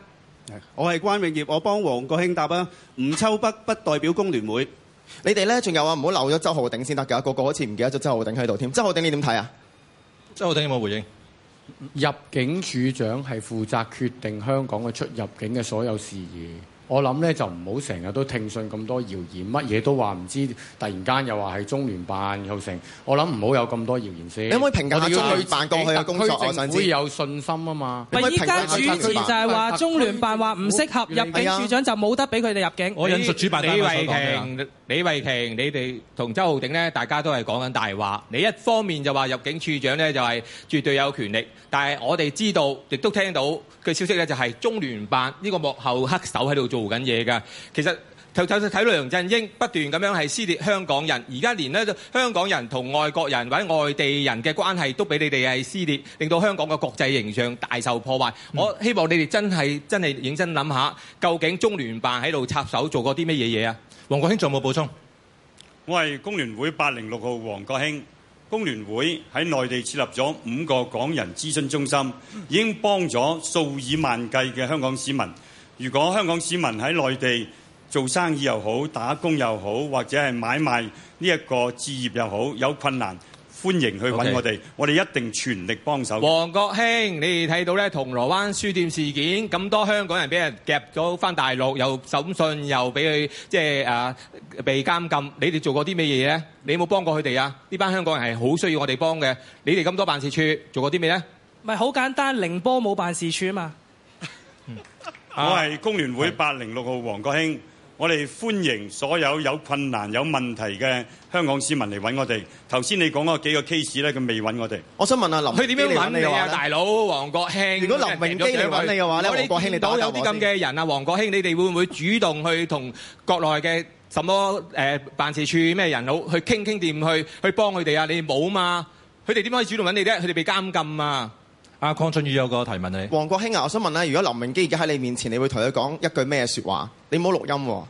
我係關永業，我幫黃國興答啊。吳秋北不代表工聯會，你哋咧仲有啊？唔好漏咗周浩鼎先得㗎，個個好似唔記得咗周浩鼎喺度添。周浩鼎你，你點睇啊？周浩鼎有冇回應？入境處長係負責決定香港嘅出入境嘅所有事宜。我諗咧就唔好成日都聽信咁多謠言，乜嘢都話唔知，突然間又話係中聯辦又成。我諗唔好有咁多謠言先。你可唔可以評價中聯辦佢嘅工作？我想知。會有信心啊嘛。咪依家主持就係話中聯辦話唔但適合入境處長就冇得俾佢哋入境。你我引述主辦嘉賓講嘅。李慧瓊，李慧瓊，你哋同周浩鼎呢，大家都係講緊大話。你一方面就話入境處長呢，就係、是、絕對有權力，但係我哋知道亦都聽到嘅消息呢，就係中聯辦呢個幕後黑手喺度做。做緊嘢噶，其實就就就睇到梁振英不斷咁樣係撕裂香港人，而家連咧香港人同外國人或者外地人嘅關係都俾你哋係撕裂，令到香港嘅國際形象大受破壞。我希望你哋真係真係認真諗下，究竟中聯辦喺度插手做過啲乜嘢嘢啊？王國興仲有冇補充？我係工聯會八零六號王國興，工聯會喺內地設立咗五個港人諮詢中心，已經幫咗數以萬計嘅香港市民。如果香港市民喺內地做生意又好，打工又好，或者係買賣呢一個置業又好，有困難，歡迎去揾我哋，Okay. 我哋一定全力幫手。王國興，你哋睇到呢，銅鑼灣書店事件咁多香港人俾人夾咗返大陸，又審訊，又俾佢即係誒、啊、被監禁。你哋做過啲咩嘢咧？你有冇幫過佢哋呀？呢班香港人係好需要我哋幫嘅。你哋咁多辦事處做過啲咩咧？咪好簡單，寧波冇辦事處嘛。我係工聯會八零六號王國興，我哋歡迎所有有困難、有問題嘅香港市民嚟揾我哋。頭先你講嗰幾個 case 咧，佢未揾我哋。我想問阿林，佢點樣揾你嘅？大佬王國興，如果林榮基嚟揾你嘅話咧，王國興嚟打電話。當有啲咁嘅人，阿王國興，你哋會唔會主動去同國內嘅什麼誒辦事處咩人好去傾傾掂，去去幫佢哋啊？你冇嘛？佢哋點可以主動揾你啫？佢哋被監禁啊！阿鄺、啊、俊宇有個提問你，王國興啊，我想問咧，如果林榮基而家喺你面前，你會同佢講一句咩說話？你唔好錄音、啊。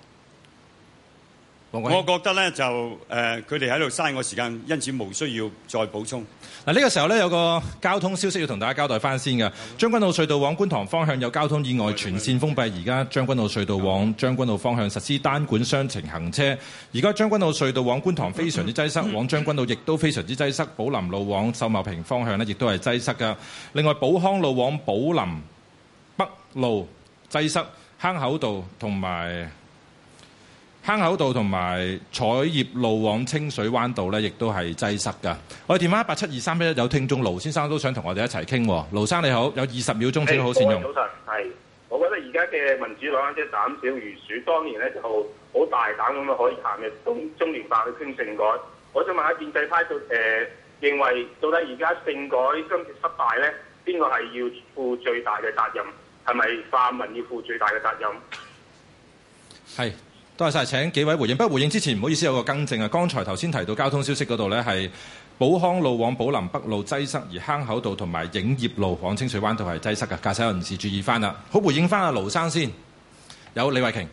我覺得咧就誒，佢哋喺度嘥我時間，因此無需要再補充。嗱、啊，呢、這個時候咧有個交通消息要同大家交代翻先嘅。將軍、嗯、澳隧道往觀塘方向有交通意外，全線封閉。而家將軍澳隧道往將軍澳方向實施單管雙程行車。而家將軍澳隧道往觀塘非常之擠塞，往將軍澳亦都非常之擠塞。寶林路往秀茂坪方向呢，亦都係擠塞㗎。另外，寶康路往寶林北路擠塞，坑口道同埋。坑口道同埋彩葉路往清水灣道咧，亦都係擠塞噶。我哋電話一八七二三一一有聽眾盧先生都想同我哋一齊傾、哦，盧生你好，有二十秒鐘請好善用。早晨，係，我覺得而家嘅民主黨即係膽小如鼠。當年咧就好大膽咁樣可以談嘅中中聯辦去傾政改。我想問下建制派就，就、呃、誒認為到底而家政改今次失敗咧，邊個係要負最大嘅責任？係咪泛民要負最大嘅責任？係。多謝晒，請幾位回應。不過回應之前，唔好意思，有個更正啊。剛才頭先提到交通消息嗰度呢，係寶康路往寶林北路擠塞，而坑口道同埋影業路往清水灣道係擠塞嘅，駕駛人士注意返啦。好，回應返阿盧生先，有李慧瓊。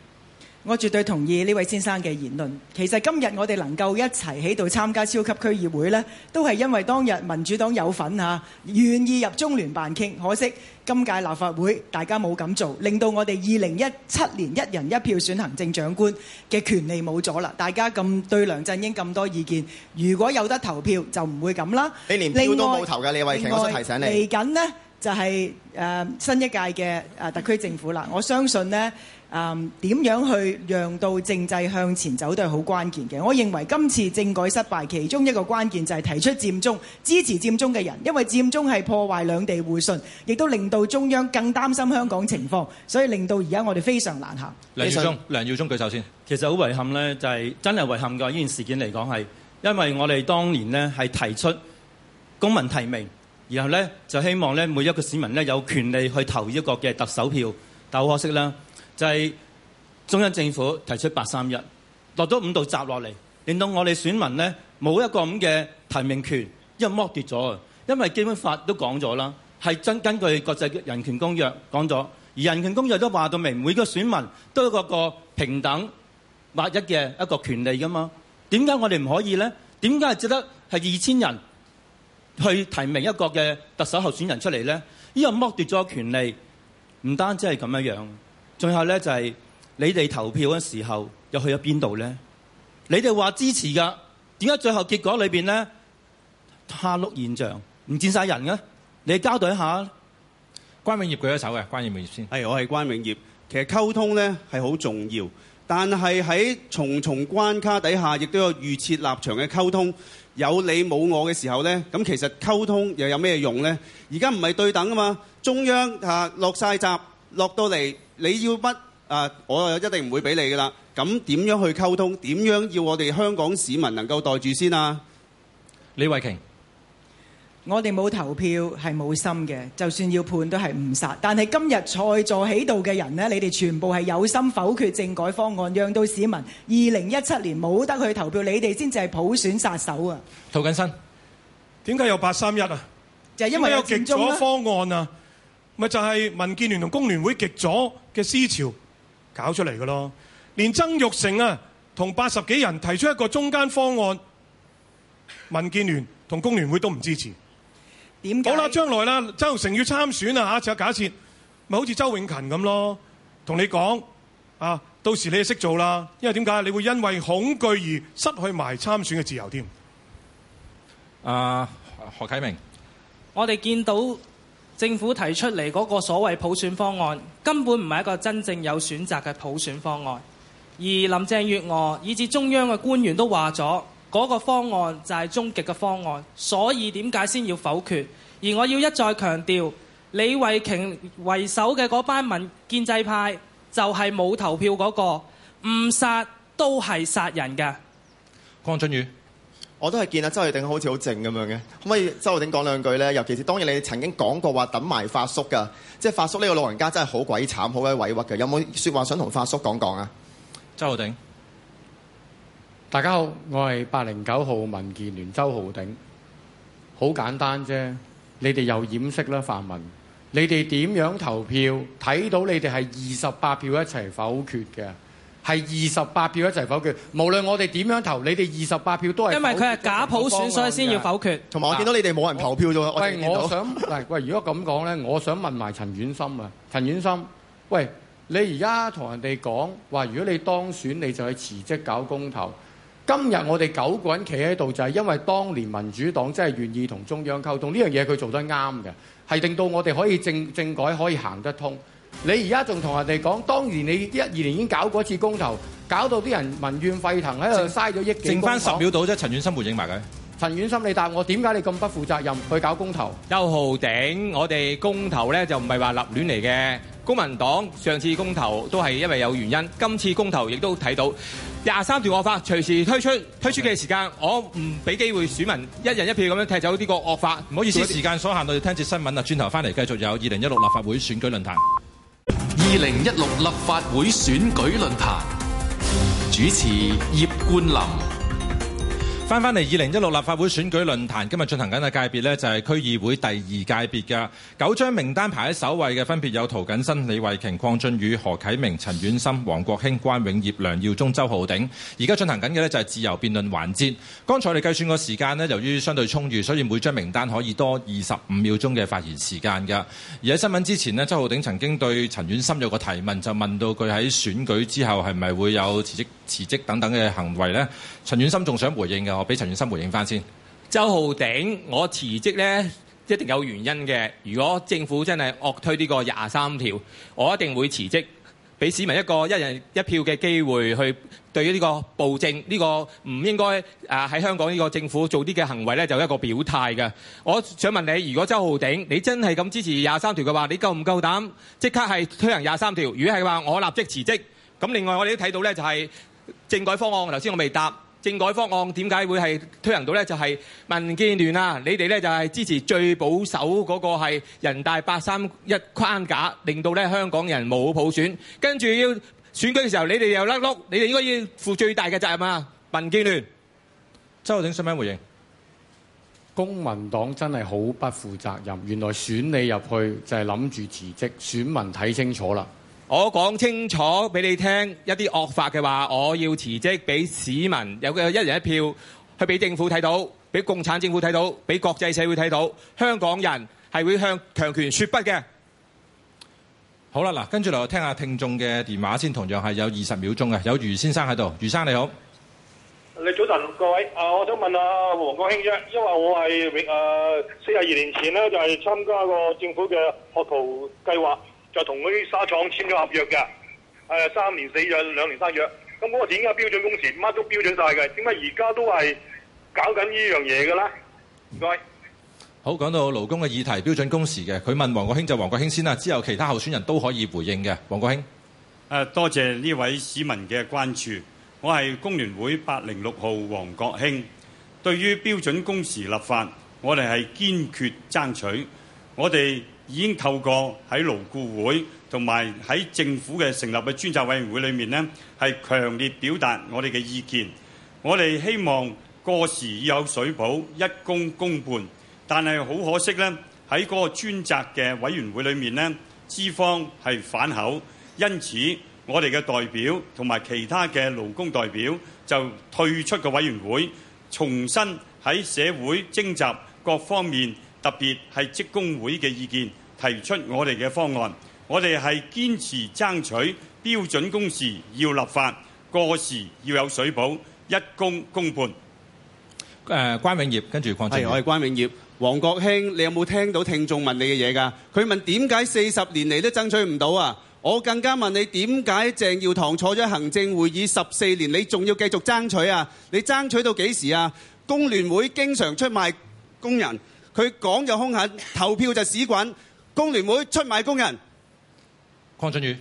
我絕對同意呢位先生嘅言論。其實今日我哋能夠一齊喺度參加超級區議會呢，都係因為當日民主黨有份啊，願意入中聯辦傾。可惜今屆立法會大家冇噉做，令到我哋二零一七年一人一票選行政長官嘅權利冇咗啦。大家咁對梁振英咁多意見，如果有得投票就唔會咁啦。你連票都冇投嘅李慧瓊，我想提醒你。嚟緊呢就係誒新一屆嘅誒特區政府啦，我相信呢。誒，嗯，點樣去讓到政制向前走都係好關鍵嘅。我認為今次政改失敗，其中一個關鍵就係提出佔中，支持佔中嘅人，因為佔中係破壞兩地互信，亦都令到中央更擔心香港情況，所以令到而家我哋非常難行。梁耀忠想梁耀忠，梁耀忠舉手先。其實好遺憾呢，就係、係、真係遺憾嘅呢件事件嚟講係，因為我哋當年呢係提出公民提名，然後呢就希望呢每一個市民呢有權利去投一個嘅特首票，但係好可惜啦。就係中央政府提出八三一落咗五道閘落嚟，令到我哋選民呢冇一個咁嘅提名權，因為剝奪咗。因為基本法都講咗啦，係真根據國際人權公約講咗，而人權公約都話到明，每個選民都有個個平等劃一嘅一個權利㗎嘛。點解我哋唔可以呢？點解值得係二千人去提名一個嘅特首候選人出嚟呢？因為剝奪咗權利，唔單止係咁樣樣。最後呢、就是，就係你哋投票嘅時候又去咗邊度呢？你哋話支持㗎，點解最後結果裏面呢？蝦碌現象唔見晒人㗎？你交代一下。關永業舉一手啊，關永業先。係，我係關永業。其實溝通呢係好重要，但係喺重重關卡底下，亦都有預設立場嘅溝通。有你冇我嘅時候呢，咁其實溝通又有咩用呢？而家唔係對等啊嘛，中央落晒閘，落到嚟。你要不，啊？我一定唔會俾你噶啦。咁點樣去溝通？點樣要我哋香港市民能夠袋住先啊？李慧瓊，我哋冇投票係冇心嘅，就算要判都係誤殺。但係今日在座喺度嘅人呢，你哋全部係有心否決政改方案，讓到市民二零一七年冇得去投票，你哋先至係普選殺手啊！涂謹申，點解有八三一啊？就係因為，有為有極左方案啊，咪就係、是、民建聯同工聯會極左嘅思潮搞出嚟嘅咯。連曾玉成啊同八十幾人提出一個中間方案，民建聯同工聯會都唔支持。點解？好啦，將來啦，曾玉成要參選啊嚇，就假設咪好似周永勤咁咯，同你講啊，到時你就識做啦，因為點解？你會因為恐懼而失去埋參選嘅自由添。啊，uh, 何啟明，我哋見到。政府提出嚟嗰個所謂普選方案，根本唔係一個真正有選擇嘅普選方案。而林鄭月娥以至中央嘅官員都話咗，嗰個方案就係終極嘅方案。所以點解先要否決，而我要一再強調李慧瓊為首嘅嗰班民建制派就係冇投票嗰個，誤殺都係殺人嘅。鄺俊宇。我都係見到周浩鼎好似好靜咁樣嘅，可唔可以周浩鼎講兩句咧？尤其是當然你曾經講過話等埋發叔噶，即係發叔呢個老人家真係好鬼慘，好鬼委屈㗎。有冇說話想同發叔講講啊？周浩鼎。大家好，我係八零九號民建聯周浩鼎，好簡單啫，你哋又掩飾啦，泛民。你哋點樣投票睇到你哋係二十八票一齊否決嘅？係二十八票一齊否決，無論我哋點樣投，你哋二十八票都係。因為佢係假普選，所以先要否決。同埋我見到你哋冇人投票咗，啊、我喂，我，我，我想 喂，如果咁講咧，我想問埋陳婉心啊，陳婉心，喂，你而家同人哋講話，如果你當選你就去辭職搞公投，今日我哋九個人企喺度就係因為當年民主黨真係願意同中央溝通，呢樣嘢佢做得啱嘅，係令到我哋可以政政改可以行得通。你而家仲同人哋講，當年你一、二年已經搞過一次公投，搞到啲人民怨沸騰喺度嘥咗億幾公。剩翻十秒到啫，陳遠心回應埋佢。陳遠心，你答我點解你咁不負責任去搞公投？周浩鼎，我哋公投咧就唔係話立亂嚟嘅。公民黨上次公投都係因為有原因，今次公投亦都睇到廿三條惡法隨時推出，推出嘅時間，我唔俾機會選民一人一票咁樣踢走呢個惡法。唔好意思，有時間所限，我哋聽節新聞啦，轉頭翻嚟繼續有二零一六立法會選舉論壇。二零一六立法會選舉論壇，主持葉冠霖。翻翻嚟二零一六立法會選舉論壇，今日進行緊嘅界別呢，就係區議會第二界別嘅九張名單，排喺首位嘅分別有涂謹申、李慧瓊、鄺俊宇、何啟明、陳琬琛、黃國健、關永業、梁耀忠、周浩鼎。而家進行緊嘅呢，就係自由辯論環節。剛才我哋計算個時間呢，由於相對充裕，所以每張名單可以多二十五秒鐘嘅發言時間㗎。而喺新聞之前呢，周浩鼎曾經對陳琬琛有個提問，就問到佢喺選舉之後係咪會有辭職？辭職等等嘅行為呢，陳遠心仲想回應嘅，我俾陳遠心回應翻先。周浩鼎，我辭職呢，一定有原因嘅。如果政府真係惡推呢個廿三條，我一定會辭職，俾市民一個一人一票嘅機會去對於呢個暴政、呢個唔應該誒喺香港呢個政府做啲嘅行為呢，就一個表態嘅。我想問你，如果周浩鼎你真係咁支持廿三條嘅話，你夠唔夠膽即刻係推行廿三條？如果係話我立即辭職，咁另外我哋都睇到呢就係。政改方案，頭先我未答。政改方案點解會係推行到呢？就係民建聯啊，你哋呢就係支持最保守嗰個係人大八三一框架，令到咧香港人冇普選。跟住要選舉嘅時候，你哋又甩碌，你哋應該要負最大嘅責任啊！民建聯，周浩鼎新聞回應：公民黨真係好不負責任，原來選你入去就係諗住辭職，選民睇清楚啦。我講清楚俾你聽，一啲惡法嘅話，我要辭職，俾市民有嘅一,一人一票去俾政府睇到，俾共產政府睇到，俾國際社會睇到，香港人係會向強權說不嘅。好啦，嗱，跟住嚟我聽下聽，聽，聽眾嘅電話先，同樣係有二十秒鐘嘅，有余先生喺度，余先生你好。你早晨各位，啊，我想問下王國興啫，因為我係誒四十二年前呢，就係、是、參加過政府嘅學徒計劃。就同嗰啲沙廠簽咗合約嘅，三年死約兩年生約，咁嗰個點解標準工時乜都標準晒嘅，點解而家都係搞緊呢樣嘢嘅咧？唔該、嗯。好，講到勞工嘅議題，標準工時嘅，佢問黃國興就黃國興先啦，之後其他候選人都可以回應嘅。黃國興、啊、多謝呢位市民嘅關注，我係工聯會八零六號黃國興。對於標準工時立法，我哋係堅決爭取，我哋已經透過喺勞顧會同埋喺政府嘅成立嘅專責委員會裏面呢，係強烈表達我哋嘅意見。我哋希望過時有水補一公公半，但係好可惜呢，喺嗰個專責嘅委員會裏面呢，資方係反口，因此我哋嘅代表同埋其他嘅勞工代表就退出個委員會，重新喺社會徵集各方面，特別係職工會嘅意見。提出我哋嘅方案，我哋係堅持爭取標準工時要立法，過時要有水保，一公公半。誒、呃，關永業，跟住擴展，我係關永業，王國興，你有冇聽到聽眾問你嘅嘢？噶佢問：「點解四十年嚟都爭取唔到啊？我更加問你點解鄭耀堂坐咗行政會議十四年，你仲要繼續爭取啊？你爭取到幾時啊？工聯會經常出賣工人，佢講就凶狠，投票就屎滾。工聯會出賣工人，鄺俊宇。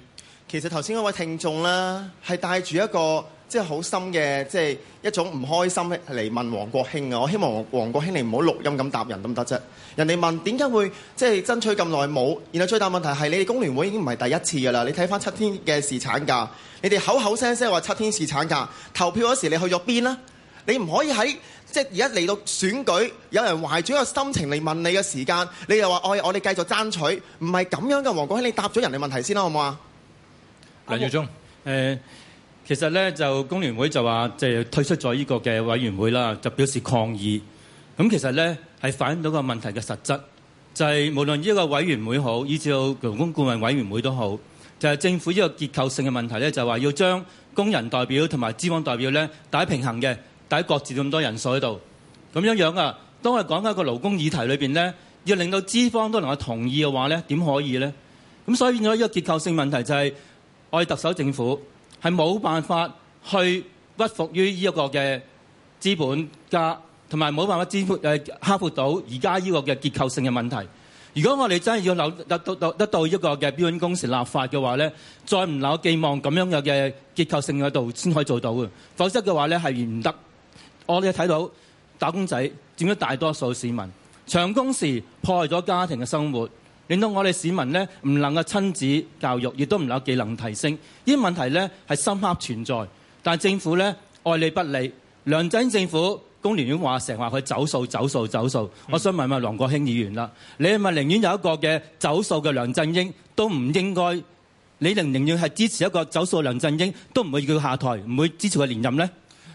其實頭先嗰位聽眾啦，係帶住一個即係好深嘅，即係一種唔開心嚟問王國興嘅。我希望王國興你唔好錄音咁答人得唔得啫？人哋問點解會即係爭取咁耐冇，然後最大問題係你哋工聯會已經唔係第一次噶啦。你睇翻七天嘅侍產假，你哋口口聲聲話七天侍產假，投票嗰時你去咗邊啦？你唔可以喺。即係而家嚟到選舉，有人懷住一個心情嚟問你嘅時間，你又話、哎、我我哋繼續爭取，唔係咁樣嘅，王國興，你答咗人哋問題先啦，好唔好啊？梁耀忠，誒、呃，其實咧就工聯會就話即係退出咗呢個嘅委員會啦，就表示抗議。咁其實咧係反映到個問題嘅實質，就係、是、無論呢一個委員會好，以至到勞工顧問委員會都好，就係、是、政府呢個結構性嘅問題咧，就話要將工人代表同埋資方代表咧打喺平衡嘅。喺各自咁多人數喺度，咁樣樣啊，當我哋講緊一個勞工議題裏邊咧，要令到資方都能夠同意嘅話咧，點可以咧？咁所以變咗一個結構性問題，就係，就係我哋特首政府係冇辦法去屈服於呢一個嘅資本家，同埋冇辦法支付誒克服到而家呢個嘅結構性嘅問題。如果我哋真係要留得到得到一個嘅標準工時立法嘅話咧，再唔留寄望咁樣嘅結構性喺度先可以做到嘅，否則嘅話咧係唔得。我哋睇到打工仔佔咗大多數市民長工時破壞咗家庭嘅生活，令到我哋市民呢唔能夠親子教育，亦都唔能夠技能提升。呢啲問題係深刻存在，但政府呢愛理不理。梁振英政府工聯會話成日話佢走數走數走數，走數走數嗯、我想問問王國興議員啦，你係咪寧願有一個嘅走數嘅梁振英都唔應該？你寧寧，寧願係支持一個走數的梁振英，都唔會叫佢下台，唔會支持佢連任呢？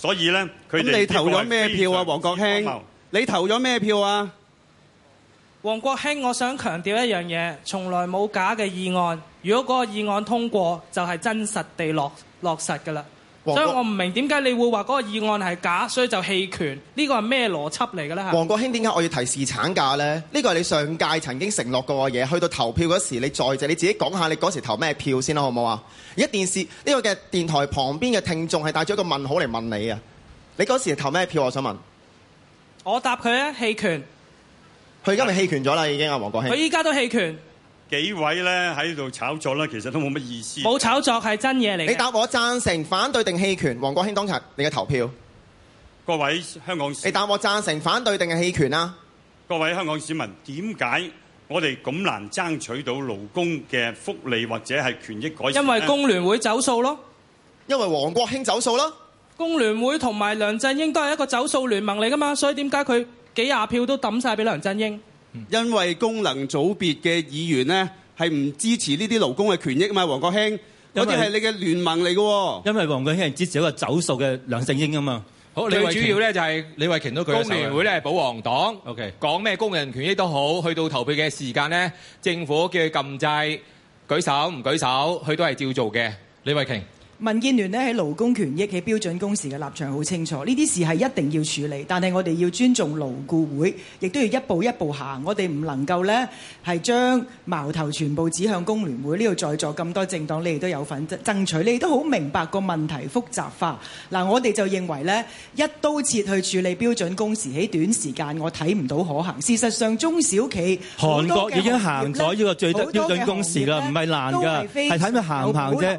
所以呢，佢哋你投咗咩票啊？王國興，你投咗咩票啊？王國興，我想強調一樣嘢，從來冇假嘅議案。如果嗰個議案通過，就係、是、真實地落落實㗎喇。所以我唔明點解你會話嗰個議案係假，所以就棄權。呢個係咩邏輯嚟嘅呢？王國興，點解我要提示產假呢？呢個係你上屆曾經承諾過嘅嘢，去到投票嗰時你再就你自己講下你嗰時投咩票先啦，好唔好啊？而家電視呢、呢個嘅電台旁邊嘅聽眾係帶咗一個問號嚟問你啊，你嗰時投咩票？我想問，我答佢咧棄權。佢今日棄權咗已經啊，王國興。佢而家都棄權。幾位咧喺度炒作咧，其實都冇乜意思。冇炒作係真嘢嚟。你答我贊成、反對定棄權？王國興當日你嘅投票。各位香港市民，市你答我贊成、反對定係棄權啊？各位香港市民，點解我哋咁難爭取到勞工嘅福利或者係權益改善？因為工聯會走數咯，因為王國興走數咯。工聯會同埋梁振英都係一個走數聯盟嚟噶嘛，所以點解佢幾廿票都抌晒俾梁振英？因為功能組別嘅議員咧係唔支持呢啲勞工嘅權益啊嘛，黃國興嗰啲係你嘅聯盟嚟㗎。因為黃國興係支持一個走數嘅梁盛英啊嘛。好，最主要咧就係李慧瓊都舉手。工聯會咧係保皇黨，OK。講咩工人權益都好，去到投票嘅時間咧，政府叫佢禁制舉手唔舉手，佢都係照做嘅，李慧瓊。民建聯呢喺勞工權益、喺標準工時嘅立場好清楚，呢啲事係一定要處理，但係我哋要尊重勞顧會，亦都要一步一步行。我哋唔能夠呢係將矛頭全部指向工聯會呢度，在座咁多政黨，你哋都有份爭爭取，你哋都好明白個問題複雜化。嗱，我哋就認為呢一刀切去處理標準工時喺短時間，我睇唔到可行。事實上，中小企韓國已經行咗呢個最低標準工時啦，唔係難㗎，係睇佢行唔行啫。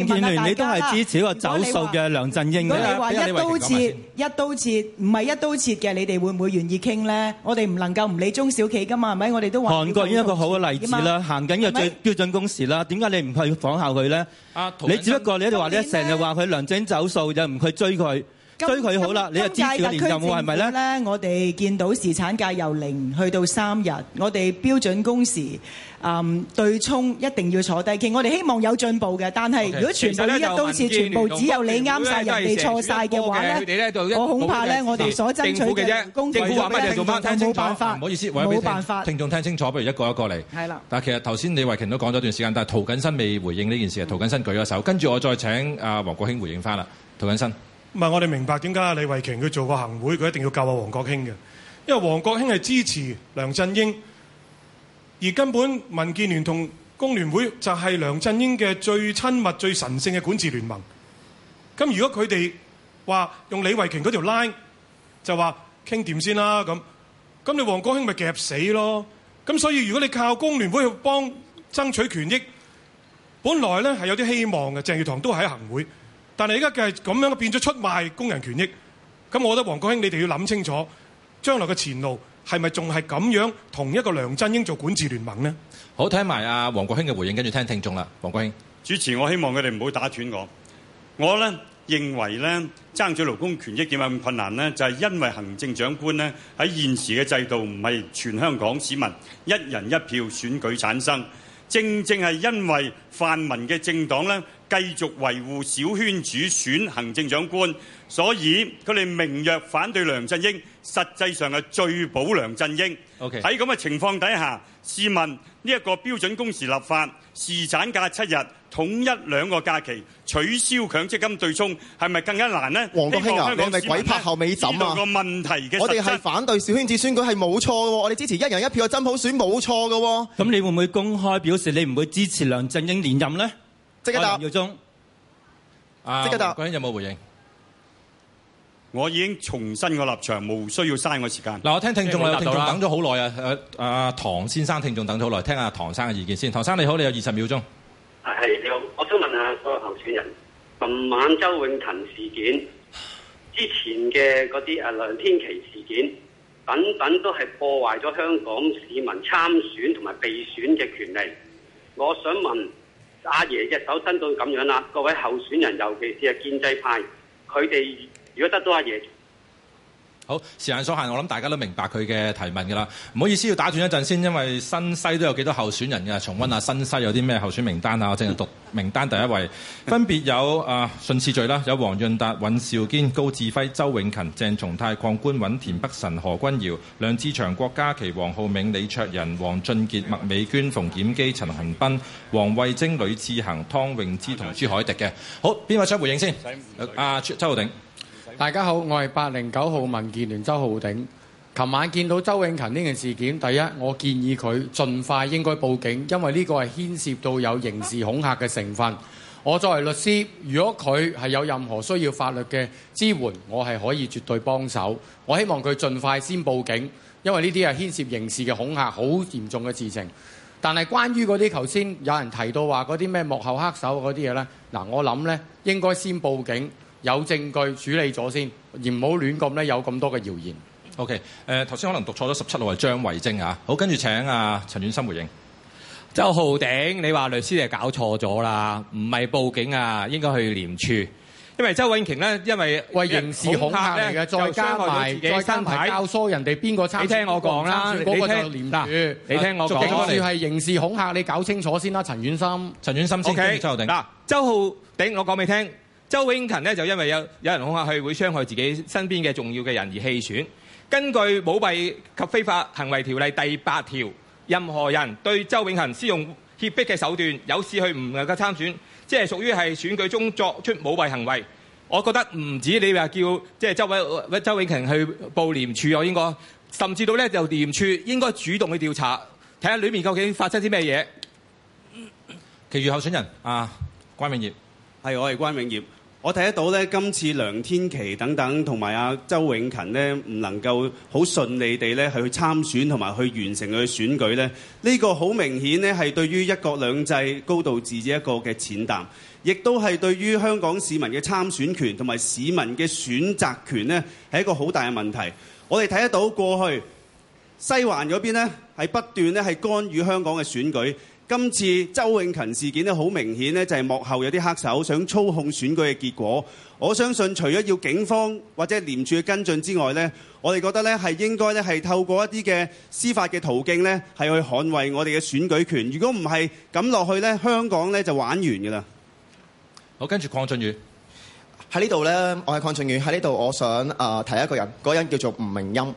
民建聯你都係支持個走數嘅梁振英嘅，你話一刀切，一刀切，唔係一刀切嘅，你哋會唔會願意傾咧？我哋唔能夠唔理中小企㗎嘛？係咪？我哋都話韓國已經一個好嘅例子啦，行緊嘅最標準工時啦。點解你唔去仿效佢咧？你只不過你喺度話你，成日話佢梁振英走數就唔去追佢。追佢好啦，你又支持佢有冇？係咪咧？咧，我哋見到侍產假由零去到三日，我哋標準工時，嗯，對沖一定要坐低。其實我哋希望有進步嘅，但係如果全部一刀切，全部只有你啱曬，人哋錯曬嘅話咧，我恐怕咧，我哋所爭取嘅政府嘅啫，政府話乜嘢做翻？冇辦法，唔好意思，冇辦法。聽眾聽清楚，不如一個一個嚟。係啦。但係其實頭先李慧瓊都講咗一段時間，但係涂謹申未回應呢件事嘅。涂謹申舉咗手，跟住我再請阿王國興回應翻啦。涂謹申。唔係我哋明白點解李慧瓊佢做個行會，佢一定要救阿王國興嘅，因為王國興係支持梁振英，而根本民建聯同工聯會就係梁振英嘅最親密、最神聖嘅管治聯盟。咁如果佢哋話用李慧瓊嗰條 line 就話傾掂先啦，咁咁你王國興咪夾死囉。咁所以如果你靠工聯會去幫爭取權益，本來呢係有啲希望嘅，鄭耀棠都喺行會。但係而家嘅係咁樣變咗出賣工人權益，咁我覺得黃國興，你哋要諗清楚，將來嘅前路係咪仲係咁樣同一個梁振英做管治聯盟呢？好，聽埋阿黃國興嘅回應，跟住聽聽眾啦，黃國興。主持，我希望佢哋唔好打斷我。我咧認為咧，爭取勞工權益點解咁困難呢，就係因為行政長官咧，喺現時嘅制度唔係全香港市民一人一票選舉產生，正正係因為泛民嘅政黨咧。繼續維護小圈子選行政長官，所以佢哋明約反對梁振英，實際上係最保梁振英。喺 Okay. 咁嘅情況底下，試問呢一個標準工時立法、侍產假七日、統一兩個假期、取消強積金對沖是係咪更加難呢？黃國興啊，你係咪鬼拍後尾枕啊？問題的我哋係反對小圈子選舉係冇錯嘅，我哋支持一人一票嘅真普選冇錯嘅。咁、嗯、你會唔會公開表示你唔會支持梁振英連任呢？即刻答耀、啊，即刻答。嗰人有冇回應？我已經重申個立場，無需要嘥我時間。嗱，我聽聽眾啦，聽眾等咗好耐啊。阿阿、啊啊、唐先生聽眾，聽眾等咗好耐，聽下唐生嘅意見先。唐先生你好，你有二十秒鐘。係係你好，我想問下所有候選人，琴晚周永勤事件之前嘅嗰啲啊梁天琦事件等等，頻頻都係破壞咗香港市民參選同埋被選嘅權利。我想問。阿爺隻手伸到咁樣啦，各位候選人，尤其是係建制派，佢哋如果得到阿爺。好，時間所限，我諗大家都明白佢嘅提問㗎啦。唔好意思，要打轉一陣先，因為新西都有幾多候選人㗎。重温下、啊、新西有啲咩候選名單啊？我淨係讀名單，第一位分別有啊順次序啦，有黃潤達、尹兆堅、高志輝、周永勤、鄭松泰、鄺官、尹田北辰、何君堯、梁志祥、郭家麒、黃浩銘、李卓人、黃俊傑、麥美娟、馮檢，馮檢基、陳恒斌、黃慧貞、呂志恒、湯詠姿同朱凱迪嘅。持好，邊位想回應先？阿、啊、周，周浩鼎。大家好，我係八零九號民建聯周浩鼎。琴晚見到周永勤呢件事件，第一，我建議佢盡快應該報警，因為呢個係牽涉到有刑事恐嚇嘅成分。我作為律師，如果佢係有任何需要法律嘅支援，我係可以絕對幫手。我希望佢盡快先報警，因為呢啲係牽涉刑事嘅恐嚇，好嚴重嘅事情。但係關於嗰啲頭先有人提到話嗰啲咩幕後黑手嗰啲嘢呢，嗱，我諗呢，應該先報警。有證據處理咗先，而唔好亂咁咧。有咁多嘅謠言。O K，誒頭先可能讀錯咗十七號係張慧晶啊。好，跟住請啊陳婉心回應。周浩鼎，你話律師你係搞錯咗啦，唔係報警啊，應該去廉署。因為周永瓊呢，因為係刑事恐嚇嚟嘅，再加埋再加埋教唆人哋邊個參與，你聽我講啦，嗰個就廉署。你聽我講，我哋署係刑事恐嚇，你搞清楚先啦，陳婉心。陳婉心先，周浩鼎。嗱，周浩鼎，我講俾你聽。周永勤呢，就因為有有人恐嚇佢會傷害自己身邊嘅重要嘅人而棄選。根據《舞弊及非法行為條例》第八條，任何人對周永勤施用脅迫嘅手段，有事去唔能夠參選，即係屬於係選舉中作出舞弊行為。我覺得唔止你話叫即係周永周永勤去報廉署，我應該，甚至到呢，就廉署應該主動去調查，睇下裡面究竟發生啲咩嘢。其餘候選人，啊關永業，係我係關永業。我睇得到咧，今次梁天琦等等同埋阿周永勤呢，唔能夠好順利地咧去參選同埋去完成佢嘅選舉咧。呢個好明顯咧，係對於一國兩制高度自治一個嘅踐踏，亦都係對於香港市民嘅參選權同埋市民嘅選擇權咧，係一個好大嘅問題。我哋睇得到過去西環嗰邊咧，係不斷咧係干預香港嘅選舉。今次周永勤事件咧，好明顯呢就係幕後有啲黑手想操控選舉嘅結果。我相信除咗要警方或者廉署嘅跟進之外呢，我哋覺得呢係應該呢係透過一啲嘅司法嘅途徑呢，係去捍衛我哋嘅選舉權。如果唔係咁落去呢，香港呢就玩完㗎啦。好，跟住鄺俊宇喺呢度呢，我係鄺俊宇喺呢度，我想啊提一個人，嗰人叫做吳明音，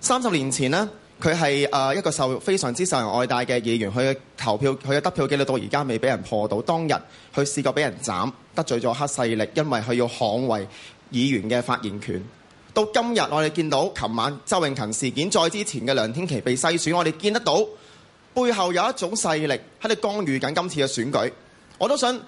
三十年前呢。佢係誒一個受非常之受人愛戴嘅議員，佢嘅投票，佢嘅得票記錄到而家未俾人破到。當日佢試過俾人斬，得罪咗黑勢力，因為佢要捍衞議員嘅發言權。到今日我哋見到，琴晚周永勤事件再之前嘅梁天琦被篩選，我哋見得到背後有一種勢力喺度干預緊今次嘅選舉。我都想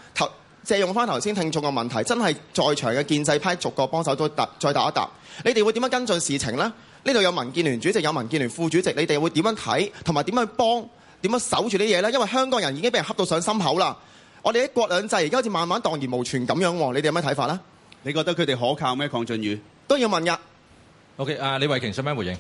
借用翻頭先聽眾嘅問題，真係在場嘅建制派逐個幫手都答再答一答，你哋會點樣跟進事情呢？呢度有民建聯主席，有民建聯副主席，你哋會點樣睇，同埋點樣幫，點樣守住啲嘢呢？因為香港人已經俾人恰到上心口啦，我哋一國兩制而家好似慢慢蕩然無存咁樣喎，你哋有咩睇法呢？你覺得佢哋可靠咩？鄺俊宇都要問噶。OK，阿李慧瓊想咩回應？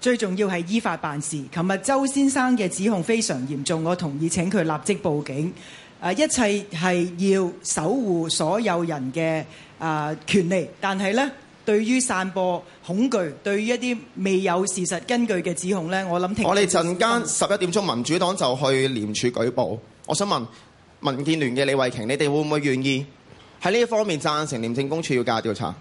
最重要係依法辦事。琴日周先生嘅指控非常嚴重，我同意請佢立即報警。啊，一切係要守護所有人嘅啊權利，但係呢。對於散播恐懼，對於一啲未有事實根據嘅指控咧，我諗停。我哋陣間十一點鐘，民主黨就去廉署舉報。我想問民建聯嘅李慧瓊，你哋會唔會願意喺呢一方面贊成廉政公署要介入調查？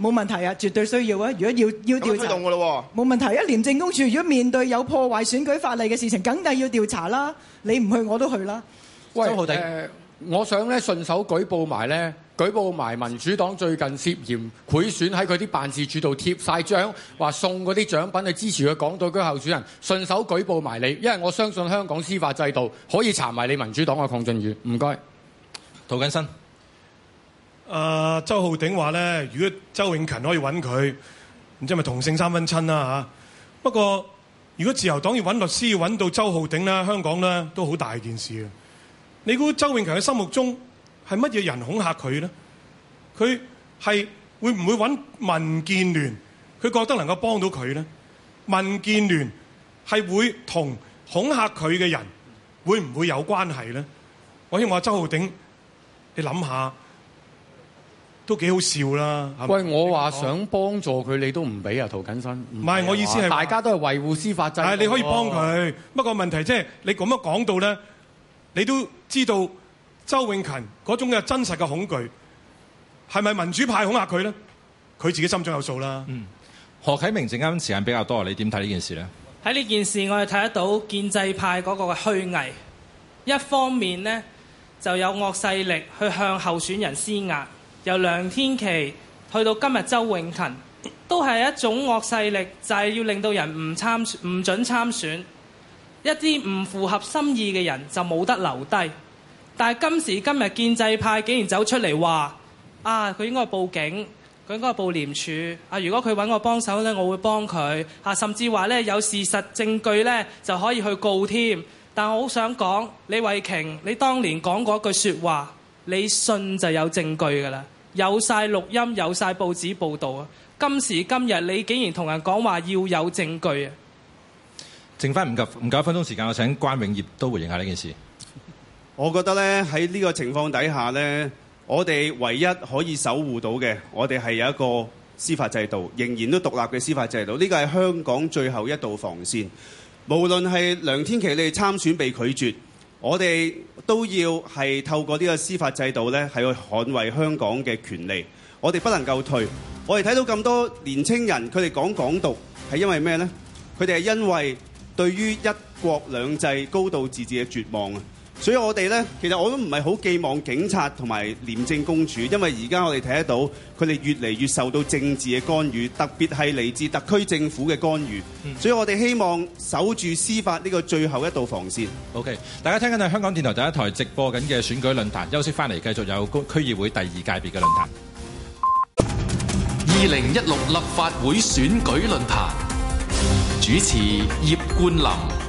冇問題啊，絕對需要啊。如果要要調查，冇、啊、問題、啊。一廉政公署如果面對有破壞選舉法例嘅事情，梗係要調查啦。你唔去我都去啦。喂周浩鼎，呃我想咧順手舉報埋咧，舉報埋民主黨最近涉嫌賄選，喺佢啲辦事處度貼曬獎，話送嗰啲獎品去支持佢港島區候選人。順手舉報埋你，因為我相信香港司法制度可以查埋你民主黨嘅鄺俊宇。唔該，涂謹申。誒、呃，周浩鼎話咧，如果周永勤可以揾佢，唔知咪同性三分親啦。不過，如果自由黨要揾律師，要揾到周浩鼎咧，香港咧都好大件事。你估周永強嘅心目中係乜嘢人恐嚇佢咧？佢係會唔會揾民建聯？佢覺得能夠幫到佢咧？民建聯係會同恐嚇佢嘅人會唔會有關係咧？我希望周浩鼎，你諗下都幾好笑啦！是不是？喂，我話想幫助佢，你都唔俾啊，涂謹申，唔係，我意思係大家都係維護司法制度、哎。係你可以幫佢，不過、哦、問題即係你咁樣講到咧。你都知道周永勤嗰種嘅真實嘅恐懼，係咪民主派恐嚇佢咧？佢自己心中有數啦、嗯。何啟明陣間時間比較多，你點睇呢件事咧？喺呢件事，我哋睇得到建制派嗰個嘅虛偽，一方面咧，就有惡勢力去向候選人施壓，由梁天琦去到今日周永勤，都係一種惡勢力，就係、是、要令到人唔參唔准參選。一啲唔符合心意嘅人就冇得留低，但係今時今日建制派竟然走出嚟話啊，佢應該報警，佢應該報廉署。啊，如果佢揾我幫手咧，我會幫佢。啊，甚至話咧，有事實證據咧就可以去告添。但係我好想講，李慧瓊，你當年講嗰句說話，你信就有證據噶啦，有晒錄音，有晒報紙報道啊。今時今日你竟然同人講話要有證據啊！剩翻唔夠一分鐘時間，我請關永業都回應下呢件事。我覺得呢，喺呢個情況底下呢，我哋唯一可以守護到嘅，我哋係有一個司法制度，仍然都獨立嘅司法制度。呢個係香港最後一道防線。無論係梁天琦你哋參選被拒絕，我哋都要係透過呢個司法制度呢，係去捍衛香港嘅權利。我哋不能夠退。我哋睇到咁多年青人，佢哋講港獨係因為咩呢？佢哋係因為對於一國兩制高度自治嘅絕望啊！所以我哋呢，其實我都唔係好寄望警察同埋廉政公署，因為而家我哋睇得到佢哋越嚟越受到政治嘅干預，特別係嚟自特區政府嘅干預。所以我哋希望守住司法呢個最後一道防線。OK，大家聽緊係香港電台第一台直播緊嘅選舉論壇，休息翻嚟繼續有區議會第二界別嘅論壇。二零一六立法會選舉論壇。主持：葉冠霖。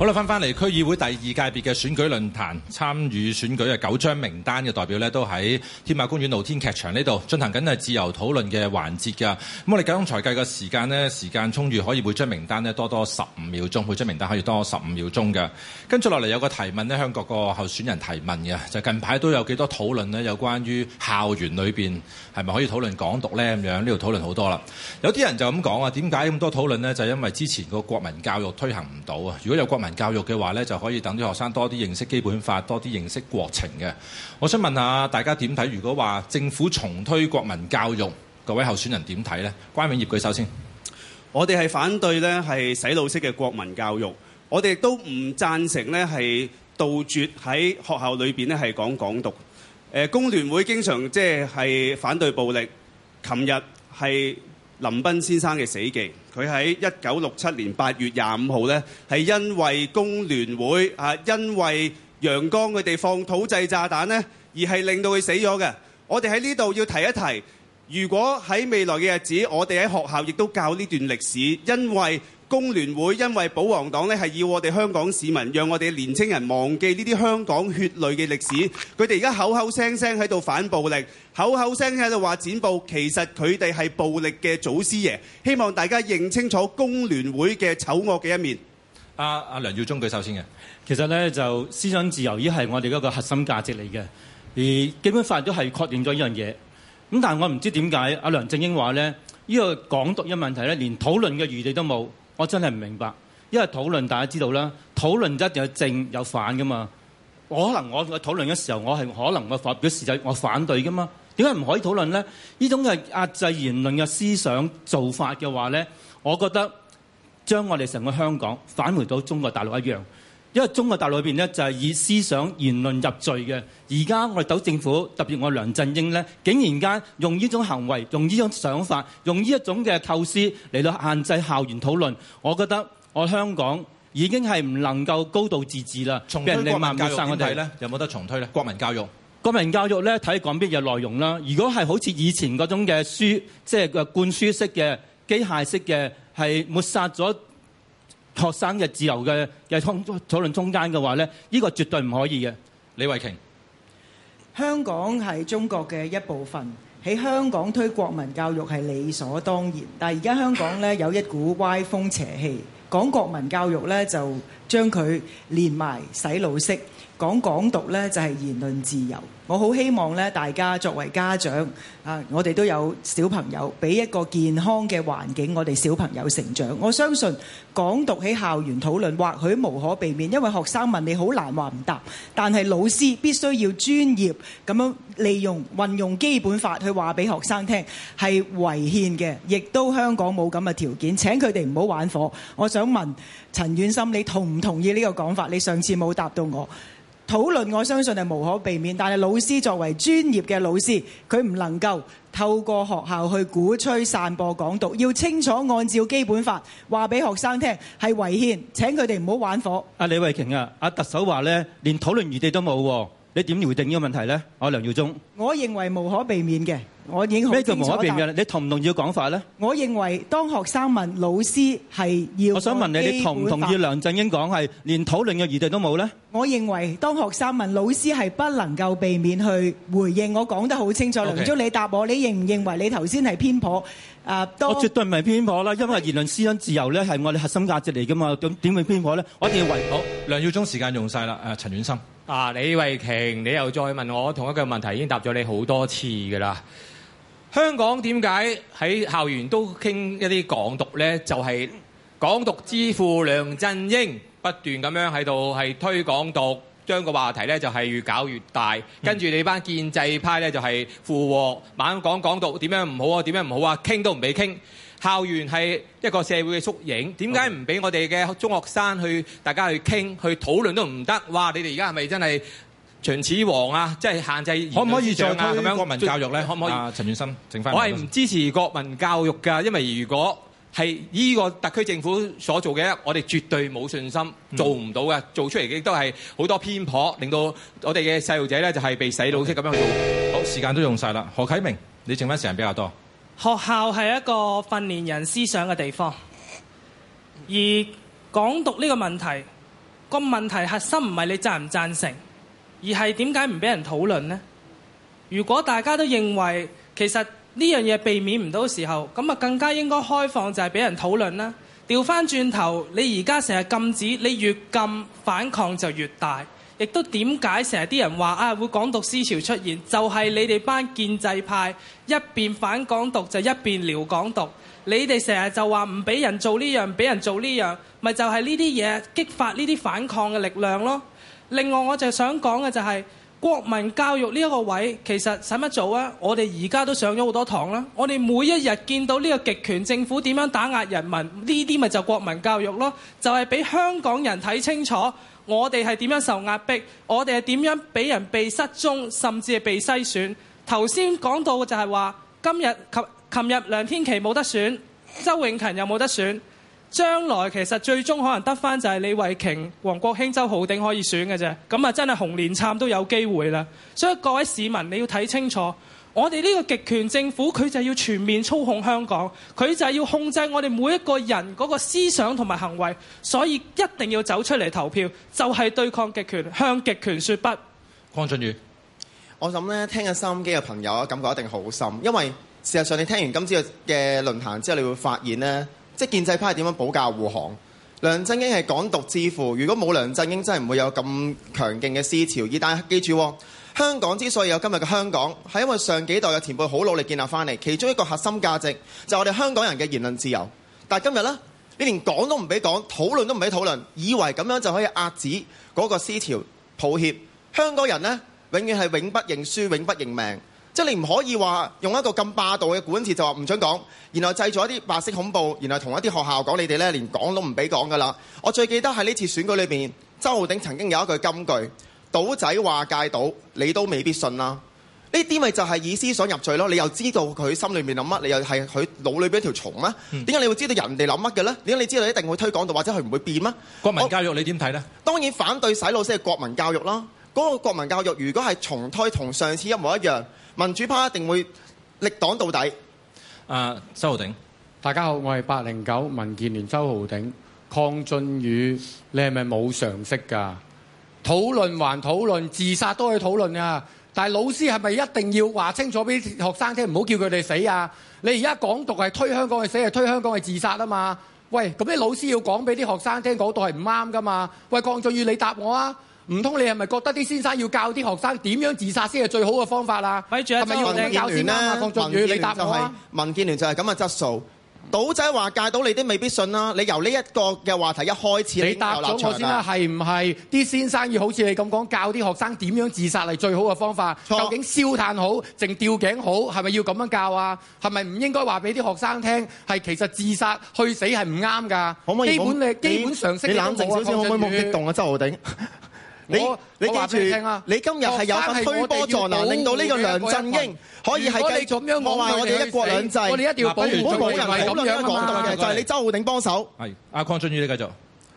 好啦，翻返嚟區議會第二界別嘅選舉論壇，參與選舉嘅九張名單嘅代表呢，都喺天馬公園露天劇場呢度進行緊係自由討論嘅環節㗎。咁我哋計統財計嘅時間呢，時間充裕可以每張名單呢，多多十五秒鐘，每張名單可以多十五秒鐘嘅。跟住落嚟有個提問呢，向各個候選人提問嘅，就近排都有幾多討論呢？有關於校園裏邊係咪可以討論港獨呢？咁樣呢度討論好多啦。有啲人就咁講啊，點解咁多討論呢？就因為之前個國民教育推行唔到啊。如果有國民，教育嘅話呢，就可以等啲學生多啲認識基本法，多啲認識國情嘅。我想問下大家點睇？如果話政府重推國民教育，各位候選人點睇呢？關永業舉手先。我哋係反對呢係洗腦式嘅國民教育。我哋都唔贊成呢係杜絕喺學校裏面呢係講港獨。誒、呃，工聯會經常即係反對暴力。琴日係。林彬先生嘅死忌，佢喺一九六七年八月廿五號呢，係因為工聯會啊，因為陽江佢哋放土製炸彈而係令到佢死咗嘅。我哋喺呢度要提一提，如果喺未來嘅日子，我哋喺學校亦都教呢段歷史，因為。工聯會因為保皇黨咧，係要我哋香港市民，讓我哋年青人忘記呢啲香港血淚嘅歷史。佢哋而家口口聲聲喺度反暴力，口口聲喺度話展報，其實佢哋係暴力嘅祖師爺。希望大家認清楚工聯會嘅醜惡嘅一面。阿阿梁耀忠舉手先嘅，其實呢，就思想自由已經係我哋一個核心價值嚟嘅，而基本法都係確認咗一樣嘢。咁但係我唔知點解阿梁振英話呢，呢個港獨嘅問題呢，連討論嘅餘地都冇。我真係唔明白，因為討論大家知道啦，討論一定有正有反噶嘛。我可能我討論嘅時候，我係可能我發表時就我反對噶嘛。點解唔可以討論咧？呢種嘅壓制言論嘅思想做法嘅話咧，我覺得將我哋成個香港返回到中國大陸一樣。因為中國大陸裏面呢，就係以思想言論入罪嘅，而家我哋斗政府，特別我梁振英呢，竟然間用呢種行為、用呢種想法、用呢一種嘅構思嚟到限制校園討論，我覺得我香港已經係唔能夠高度自治啦，推被人哋抹殺我哋咧，有冇得重推咧？國民教育，國民教育咧，睇講咩嘅內容啦，如果係好似以前嗰種嘅書即係嘅灌輸式嘅機械式嘅，係抹殺咗。學生嘅自由嘅嘅討論中間嘅話咧，呢，呢個絕對唔可以嘅。李慧瓊，香港係中國嘅一部分，喺香港推國民教育係理所當然。但係而家香港咧有一股歪風邪氣，講國民教育咧就將佢連埋洗腦式，講港獨咧就係言論自由。我好希望咧，大家作為家長啊，我哋都有小朋友，俾一個健康嘅環境，我哋小朋友成長。我相信港獨喺校園討論，或許無可避免，因為學生問你好難話唔答，但係老師必須要專業咁樣利用運用基本法去話俾學生聽，係違憲嘅，亦都香港冇咁嘅條件。請佢哋唔好玩火。我想問陳遠心，你同唔同意呢個講法？你上次冇答到我。討論我相信係無可避免，但係老師作為專業嘅老師，佢唔能夠透過學校去鼓吹散播港獨，要清楚按照基本法話俾學生聽係違憲，請佢哋唔好玩火。阿李慧瓊啊，阿特首話呢，連討論餘地都冇，你點回應呢個問題呢？我梁耀忠，我認為無可避免嘅。咩叫無可辯駁？你同唔同意嘅講法咧？我認為當學生問老師係要，我想問你，你同唔同意梁振英講係連討論嘅餘地都冇咧？我認為當學生問老師係不能夠避免去回應。我講得好清楚，梁耀忠，你答我，你認唔認為你頭先係偏頗？啊，當我絕對唔係偏頗啦，因為言論思想自由咧係我哋核心價值嚟㗎嘛。咁點會偏頗咧？我一定要維護。好，梁耀忠時間用曬啦。誒，陳婉嫻，啊，李慧瓊，你又再問我同一個問題，已經答咗你好多次㗎啦。香港點解喺校園都傾一啲港獨呢？就係、是、港獨之父梁振英不斷咁樣喺度係推港獨，將個話題呢就係越搞越大。跟住、嗯、你班建制派呢，就係附和，猛講港獨點樣唔好啊，點樣唔好啊，傾都唔俾傾。校園係一個社會嘅縮影，點解唔俾我哋嘅中學生去大家去傾去討論都唔得？哇！你哋而家係咪真係？長此往啊，即係限制、啊、可唔可以像啊咁樣國民教育咧？可唔可以？啊，陳遠生，剩翻。我係唔支持國民教育㗎，因為如果係呢個特區政府所做嘅，我哋絕對冇信心做唔到嘅，做、嗯、做出嚟亦都係好多偏頗，令到我哋嘅細路仔咧就係被洗腦式咁樣做。好，時間都用晒啦。何啟明，你剩翻時間比較多。學校係一個訓練人思想嘅地方，而港獨呢個問題個問題核心唔係你贊唔贊成。而係點解唔俾人討論呢？如果大家都認為其實呢樣嘢避免唔到時候，咁啊更加應該開放就係俾人討論啦。調翻轉頭，你而家成日禁止，你越禁反抗就越大。亦都點解成日啲人話啊、哎、會港獨思潮出現，就係、是、你哋班建制派一邊反港獨就一邊撩港獨。你哋成日就話唔俾人做呢樣，俾人做呢樣，咪就係呢啲嘢激發呢啲反抗嘅力量咯。另外，我就想講嘅就係國民教育呢個位，其實使乜做啊？我哋而家都上咗好多堂啦。我哋每一日見到呢個極權政府點樣打壓人民，呢啲咪就國民教育咯。就係俾香港人睇清楚，我哋係點樣受壓迫，我哋係點樣俾人被失蹤，甚至係被篩選。頭先講到嘅就係話，今日及琴日梁天琦冇得選，周永勤又冇得選。將來其實最終可能得翻就係李慧瓊、王國興、周浩鼎可以選嘅啫，咁啊真係洪連杉都有機會啦。所以各位市民你要睇清楚，我哋呢個極權政府佢就要全面操控香港，佢就要控制我哋每一個人嗰個思想同埋行為，所以一定要走出嚟投票，就係、是、對抗極權，向極權說不。鄺俊宇，我諗呢聽緊收音機嘅朋友感覺一定好深，因為事實上你聽完今朝嘅論壇之後，你會發現呢。即建制派點樣保駕護航？梁振英係港獨之父，如果冇梁振英，真係唔會有咁強勁嘅思潮。大家記住，香港之所以有今日嘅香港，係因為上幾代嘅前輩好努力建立翻嚟。其中一個核心價值就係、是、我哋香港人嘅言論自由。但係今日咧，你連講都唔俾講，討論都唔俾討論，以為咁樣就可以壓止嗰個思潮，抱歉。香港人咧，永遠係永不認輸，永不認命。即係你唔可以話用一個咁霸道嘅管治就話唔准講，然後製造一啲白色恐怖，然後同一啲學校講你哋咧連講都唔俾講噶啦。我最記得喺呢次選舉裏面，周浩鼎曾經有一句金句：賭仔話戒賭，你都未必信啦。呢啲咪就係以思想入罪咯。你又知道佢心裏面諗乜？你又係佢腦裏邊一條蟲咩？點解、嗯、你會知道人哋諗乜嘅咧？點解你知道你一定會推廣到，或者佢唔會變咩？國民教育我你點睇咧？當然反對洗腦式嘅國民教育啦。嗰、那個國民教育如果係重推同上次一模一樣。民主派一定會力擋到底。誒，uh, 周浩鼎，大家好，我係八零九民建聯周浩鼎。鄺俊宇，你係咪冇常識㗎？討論還討論，自殺都可以討論啊！但係老師係咪一定要話清楚俾學生聽，唔好叫佢哋死啊？你而家港獨係推香港去死，係推香港去自殺啊嘛？喂，咁啲老師要講俾啲學生聽，嗰度係唔啱㗎嘛？喂，鄺俊宇，你答我啊！唔通你係咪覺得啲先生要教啲學生點樣自殺先係最好嘅方法啊？係咪著要咁樣教先啦？你答我啊！民建聯就係咁嘅質素。賭、啊、仔話戒賭你都未必信啦。你由呢一個嘅話題一開始你，你答咗我先啦、啊。係唔係啲先生要好似你咁講，教啲學生點樣自殺係最好嘅方法？錯究竟燒炭好定吊頸好？係咪要咁樣教啊？係咪唔應該話俾啲學生聽？係其實自殺去死係唔啱㗎？可唔可以？基本你基本常識，你冷靜少少，可唔可以冇激動啊？周浩鼎。 你你記住，你今日係有個推波助瀾，令到呢個梁振英可以係繼續。我話我哋一國兩制，我哋一定要保唔好講人討論香港嘅，就係你周浩鼎幫手。係阿鄺俊宇，你繼續。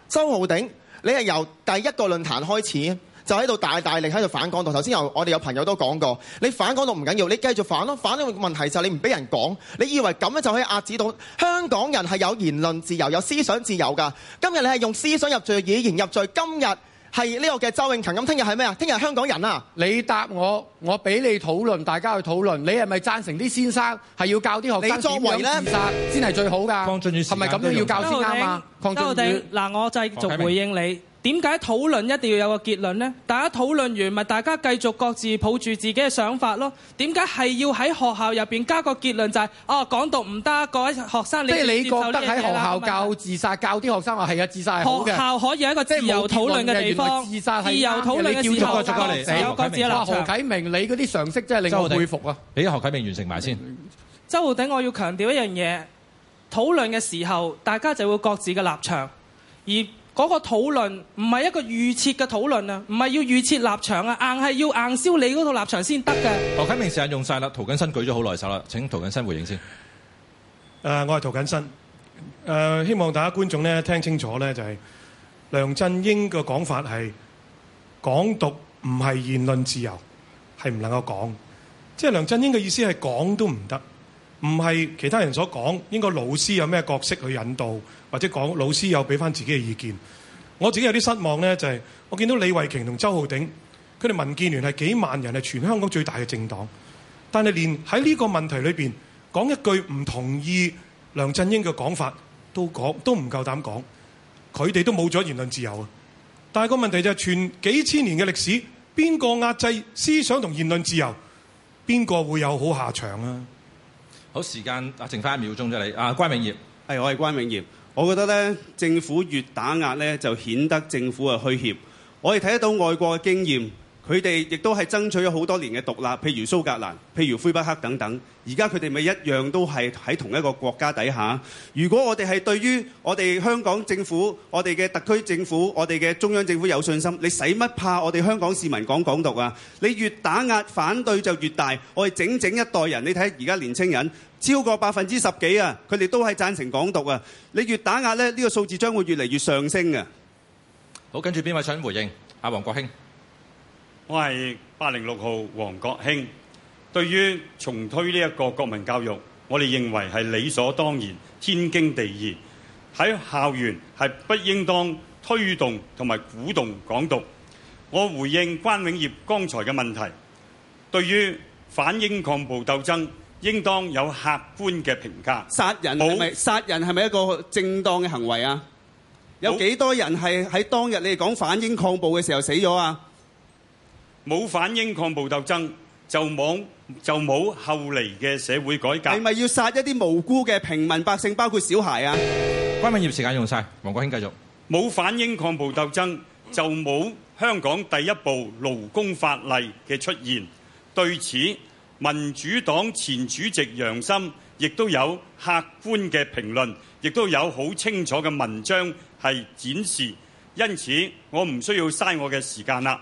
周浩鼎，你係由第一個論壇開始，就喺度大大力喺度反港獨。頭先由我哋有朋友都講過，你反港獨唔緊要，你繼續反咯。反嘅問題就係你唔俾人講，你以為咁樣就可以壓制到香港人係有言論自由、有思想自由㗎？今日你係用思想入罪，以言入罪，今日。係呢個嘅周永勤咁，聽日係咩啊？聽日香港人啊！你答我，我俾你討論，大家去討論，你係咪贊成啲先生係要教啲學生點樣自殺先係最好㗎？係咪咁都要教先啱啊？嗱，我繼續回應你。點解討論一定要有個結論呢？大家討論完咪大家繼續各自抱住自己嘅想法咯。點解係要喺學校入邊加個結論就係、是、哦？港獨唔得，各位學生你即係你覺得喺學校教自殺，嗯、教啲學生話係啊，自殺係學校可以係一個自由討論嘅地方，自，自由討論嘅時候，你叫佢走嚟，我話、啊、何啟明，你嗰啲常識真係令我佩服啊！俾何啟明完成埋先。周浩鼎，我要強調一樣嘢，討論嘅時候大家就會各自嘅立場，而嗰個討論唔係一個預設嘅討論啊，唔係要預設立場啊，硬係要硬燒你嗰套立場先得嘅。何啟明時間用晒啦，涂謹申舉咗好耐手啦，請涂謹申回應先。呃、我係涂謹申、呃。希望大家觀眾咧聽清楚咧，就係、是、梁振英嘅講法係港獨唔係言論自由，係唔能夠講。即係梁振英嘅意思係講都唔得，唔係其他人所講應該老師有咩角色去引導。或者講老師有俾翻自己嘅意見，我自己有啲失望呢就係我見到李慧瓊同周浩鼎，佢哋民建聯係幾萬人，係全香港最大嘅政黨，但係連喺呢個問題裏邊講一句唔同意梁振英嘅講法都講都唔夠膽講，佢哋都冇咗言論自由啊！但係個問題就係，全幾千年嘅歷史，邊個壓制思想同言論自由，邊個會有好下場啊？好，時間啊，剩翻一秒鐘啫，你啊，關永業，係我係關永業。我覺得呢，政府越打壓呢，就顯得政府係虛怯。我哋睇得到外國嘅經驗。佢哋亦都係爭取咗好多年嘅獨立，譬如蘇格蘭、譬如魁北克等等。而家佢哋咪一樣都係喺同一個國家底下。如果我哋係對於我哋香港政府、我哋嘅特區政府、我哋嘅中央政府有信心，你使乜怕我哋香港市民講港獨啊？你越打壓反對就越大。我哋整整一代人，你睇而家年青人超過百分之十幾啊，佢哋都係贊成港獨啊。你越打壓呢，呢個數字將會越嚟越上升啊。好，跟住邊位想回應？阿王國興。我係八零六號王國興，對於重推呢一個國民教育，我哋認為係理所當然、天經地義。喺校園係不應當推動同埋鼓動港獨。我回應關永業剛才嘅問題，對於反英抗暴鬥爭，應當有客觀嘅評價。殺人係好咪殺人係咪一個正當嘅行為啊？有幾多人係喺當日你哋講反英抗暴嘅時候死咗啊？冇反英抗暴鬥爭，就冇就冇後嚟嘅社會改革。係咪要殺一啲無辜嘅平民百姓，包括小孩啊？關文業時間用晒。王國興繼續。冇反英抗暴鬥爭，就冇香港第一部勞工法例嘅出現。對此，民主黨前主席楊森亦都有客觀嘅評論，亦都有好清楚嘅文章係展示。因此，我唔需要嘥我嘅時間啦。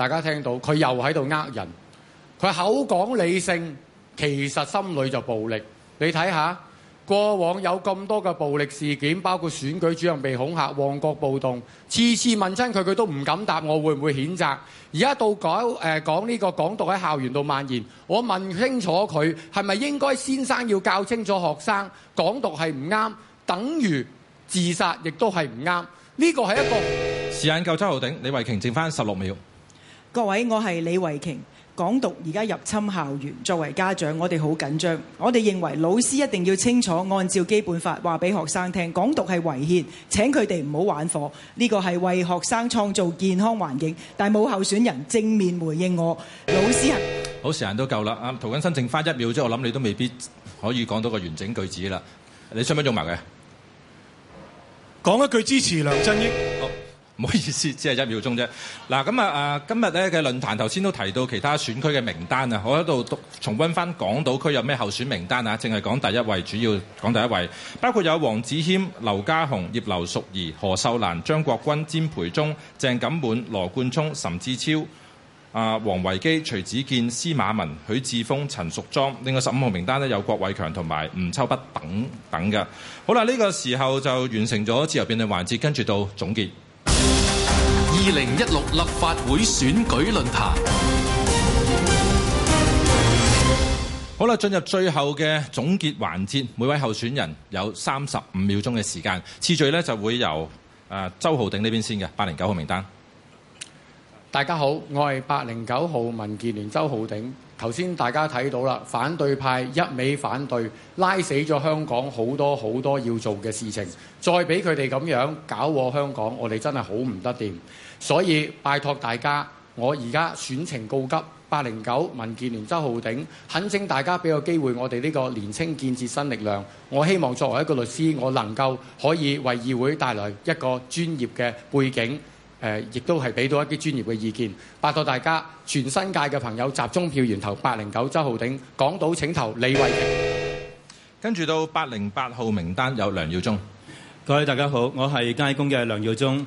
大家聽到佢又喺度呃人，佢口講理性，其實心裏就暴力。你睇下過往有咁多嘅暴力事件，包括選舉主任被恐嚇、旺角暴動，次次問親佢，佢都唔敢答我。會唔會譴責？而家到講呢、呃講呢個港獨喺校園度蔓延，我問清楚佢係咪應該先生要教清楚學生港獨係唔啱，等於自殺亦都係唔啱。呢個係一個時間夠，周浩鼎，李慧瓊，剩返十六秒。各位，我係李慧瓊。港獨而家入侵校園，作為家長，我哋好緊張。我哋認為老師一定要清楚按照基本法話俾學生聽，港獨係違憲，請佢哋唔好玩火。呢個係為學生創造健康環境，但冇候選人正面回應我。老師，好，時間都夠啦。阿涂謹申剩返一秒鐘，我諗你都未必可以講到個完整句子啦。你出唔用埋佢講一句支持梁振英。唔好意思，只係一秒鐘啫。嗱咁啊啊！今日咧嘅論壇頭先都提到其他選區嘅名單啊，我喺度重溫翻港島區有咩候選名單啊？淨係講第一位，主要講第一位，包括有黃子謙、劉家雄、葉劉淑儀、何秀蘭、張國軍、詹培忠、鄭錦滿、羅冠聰、岑志超、啊王維基、徐子健、司馬文、許智峰、陳淑莊。另外十五號名單咧有郭偉強同埋吳秋北等等嘅。好啦，呢個時候就完成咗自由辯論環節，跟住到總結。二零一六立法會選舉論壇，好啦，進入最後嘅總結環節。每位候選人有三十五秒鐘嘅時間。次序呢就會由誒、呃、周浩鼎呢邊先嘅八零九號名單。大家好，我係八零九號民建聯周浩鼎。頭先大家睇到啦，反對派一味反對，拉死咗香港好多好多要做嘅事情，再俾佢哋咁樣搞和香港，我哋真係好唔得掂。所以拜託大家，我而家選情告急，八零九民建聯周浩鼎，懇請大家俾個機會我哋呢個年青建設新力量。我希望作為一個律師，我能夠可以為議會帶來一個專業嘅背景，誒、呃，亦都係俾到一啲專業嘅意見，拜託大家，全新界嘅朋友集中票源投八零九周浩鼎，港島請投李慧瓊。跟住到八零八號名單有梁耀忠。各位大家好，我係街工嘅梁耀忠。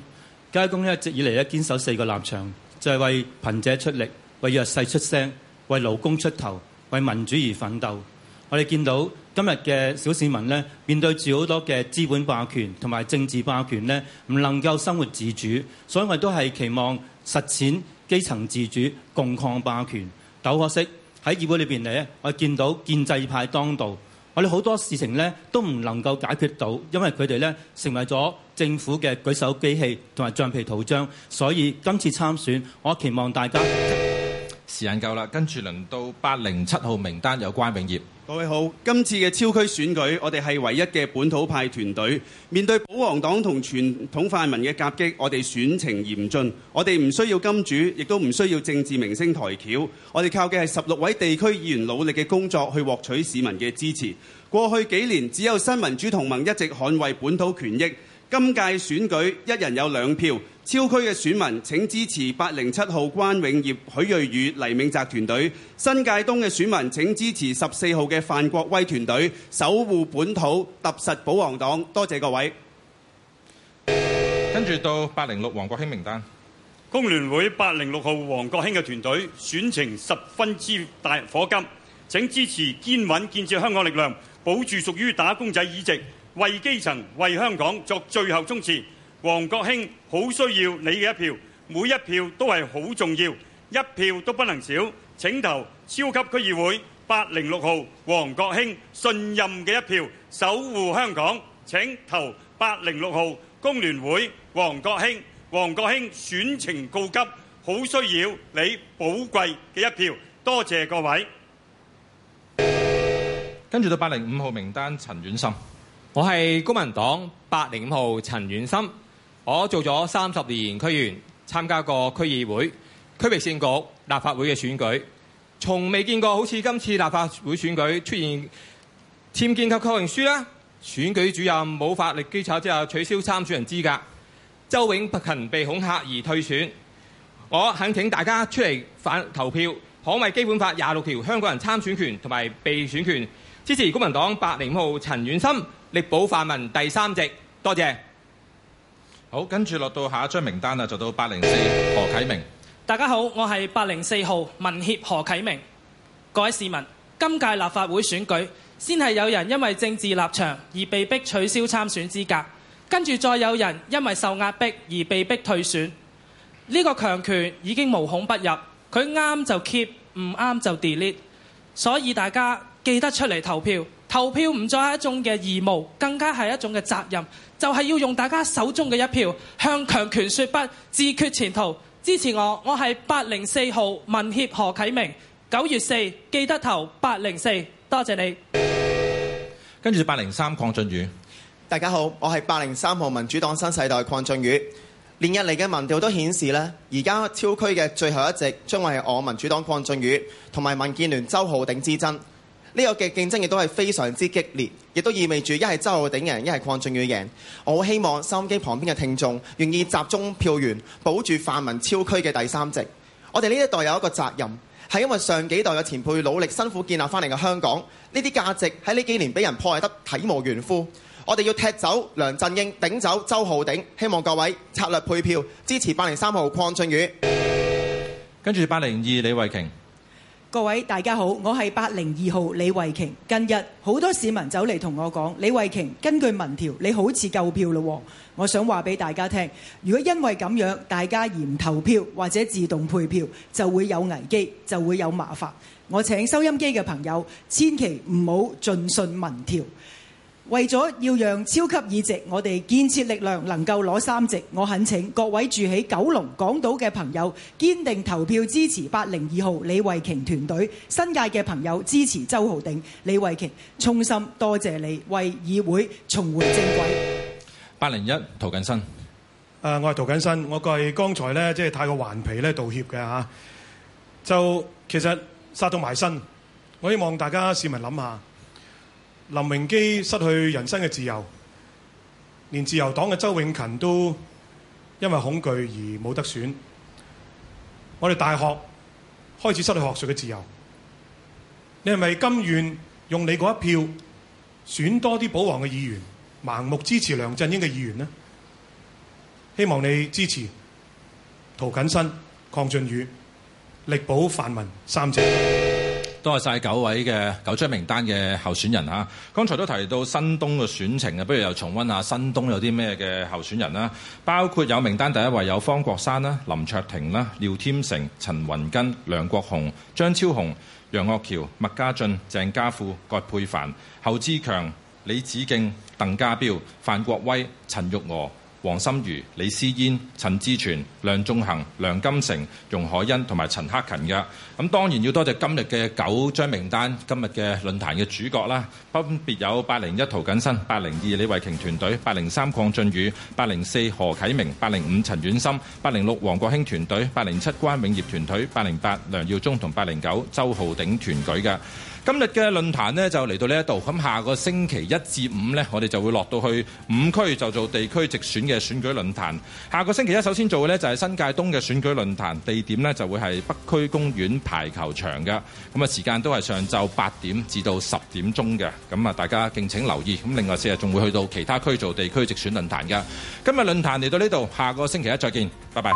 街工一直以嚟咧堅守四個立場，就係、是、為貧者出力，為弱勢出聲，為勞工出頭，為民主而奮鬥。我哋見到今日嘅小市民呢，面對住好多嘅資本霸權同埋政治霸權呢，唔能夠生活自主，所以我哋都係期望實踐基層自主，共抗霸權。但可惜喺議會裏面嚟咧，我見到建制派當道。我哋好多事情呢都唔能夠解決到，因為佢哋呢成為咗政府嘅舉手機器同埋橡皮圖章，所以今次參選，我期望大家。 時間夠啦，跟住輪到八零七號名單有關永業。各位好，今次嘅超區選舉，我哋係唯一嘅本土派團隊，面對保皇黨同傳統泛民嘅夾擊，我哋選情嚴峻，我哋唔需要金主，亦都唔需要政治明星抬轎，我哋靠嘅係十六位地區議員努力嘅工作去獲取市民嘅支持。過去幾年，只有新民主同盟一直捍衛本土權益。今屆選舉，一人有兩票。超區嘅選民請支持八零七號關永業、許瑞宇、黎明澤團隊；新界東嘅選民請支持十四號嘅范國威團隊，守護本土、踏實保皇黨。多謝各位。跟住到八零六王國興名單，工聯會八零六號王國興嘅團隊選情十分之大火急，請支持堅穩建設香港力量，保住屬於打工仔議席，為基層、為香港作最後衝刺。王國興好需要你嘅一票，每一票都係好重要，一票都不能少，請投超級區議會八零六號王國興信任嘅一票，守護香港，請投八零六號工聯會王國興。王國興選情告急，好需要你寶貴嘅一票，多謝各位。跟住到八零五號名單陳婉心，我係公民黨八零五號陳婉心。我做咗三十年區議員，參加過區議會、區域選局、立法會嘅選舉，從未見過好似今次立法會選舉出現簽建及確認書啦。選舉主任冇法律基礎之下取消參選人資格，周永勤被恐嚇而退選。我懇請大家出嚟反投票，捍衞基本法廿六條香港人參選權同埋被選權，支持公民黨八零五號陳琬琛，力保泛民第三席。多謝。好，跟住落到下一張名單啊，就到八零四何啟明。大家好，我係八零四號民協何啟明。各位市民，今屆立法會選舉，先係有人因為政治立場而被迫取消參選資格，跟住再有人因為受壓迫而被迫退選。呢個強權已經無孔不入，佢啱就 keep，唔啱就 delete。所以大家記得出嚟投票。投票唔再係一種嘅義務，更加係一種嘅責任，就係要用大家手中嘅一票，向強權說不，自決前途。支持我，我係八零四號民協何啟明，九月四記得投八零四，多謝你。跟住八零三鄺俊宇，大家好，我係八零三號民主黨新世代鄺俊宇。連日嚟嘅民調都顯示呢而家超區嘅最後一席將會係我民主黨鄺俊宇同埋民建聯周浩鼎之爭。呢個嘅競爭亦都係非常之激烈，亦都意味住一係周浩鼎贏，一係鄺俊宇贏。我希望收音機旁邊嘅聽眾願意集中票源，保住泛民超區嘅第三席。我哋呢一代有一個責任，係因為上幾代嘅前輩努力辛苦建立翻嚟嘅香港，呢啲價值喺呢幾年俾人破壞得體無完膚。我哋要踢走梁振英，頂走周浩鼎。希望各位策略配票，支持八零三號鄺俊宇，跟住八零二李慧瓊。各位大家好，我係八零二號李慧瓊。近日好多市民走嚟同我講，李慧瓊根據民調，你好似夠票嘞喎、哦！我想話俾大家聽，如果因為咁樣大家嫌投票或者自動配票就會有危機，就會有麻煩。我請收音機嘅朋友千祈唔好盡信民調。為咗要讓超級議席，我哋建設力量能夠攞三席，我懇請各位住喺九龍港島嘅朋友堅定投票支持八零二號李慧瓊團隊。新界嘅朋友支持周浩鼎、李慧瓊，衷心多謝你為議會重回正軌。八零一，涂謹申。誒，我係涂謹申，我係剛才咧即係太過頑皮咧道歉嘅吓、啊，就其實殺到埋身，我希望大家市民諗下。林榮基失去人身嘅自由，連自由黨嘅周永勤都因為恐懼而冇得選。我哋大學開始失去學術嘅自由。你係咪甘願用你嗰一票選多啲保皇嘅議員，盲目支持梁振英嘅議員呢？希望你支持涂謹申、鄺俊宇、力保泛民三者。多謝晒九位嘅九張名單嘅候選人啊，剛才都提到新東嘅選情啊，不如又重温下新東有啲咩嘅候選人啦。包括有名單第一位有方國珊、啦、林卓廷啦、廖添誠、陳雲根、梁國雄、張超雄、楊岳橋、麥嘉晉、鄭家富、葛珮帆、侯志強、李梓敬、鄧家彪、范國威、陳玉娥、黃心如、李思嫣、陳志全、梁仲恒、梁金成、容海恩同埋陳克勤嘅。咁，當然要多謝今日嘅九張名單，今日嘅論壇嘅主角啦，分別有八零一涂謹申、八零二李慧瓊團隊、八零三鄺俊宇、八零四何啟明、八零五陳琬琛、八零六王國興團隊、八零七關永業團隊、八零八梁耀忠同八零九周浩鼎團隊嘅。今日嘅論壇呢就嚟到呢一度，咁下個星期一至五呢，我哋就會落到去五區就做地區直選嘅選舉論壇。下個星期一首先做嘅呢，就係新界東嘅選舉論壇，地點呢，就會係北區公園排球場嘅，咁啊時間都係上晝八點至到十點鐘嘅，咁啊大家敬請留意。咁另外四日仲會去到其他區做地區直選論壇嘅。今日論壇嚟到呢度，下個星期一再見，拜拜。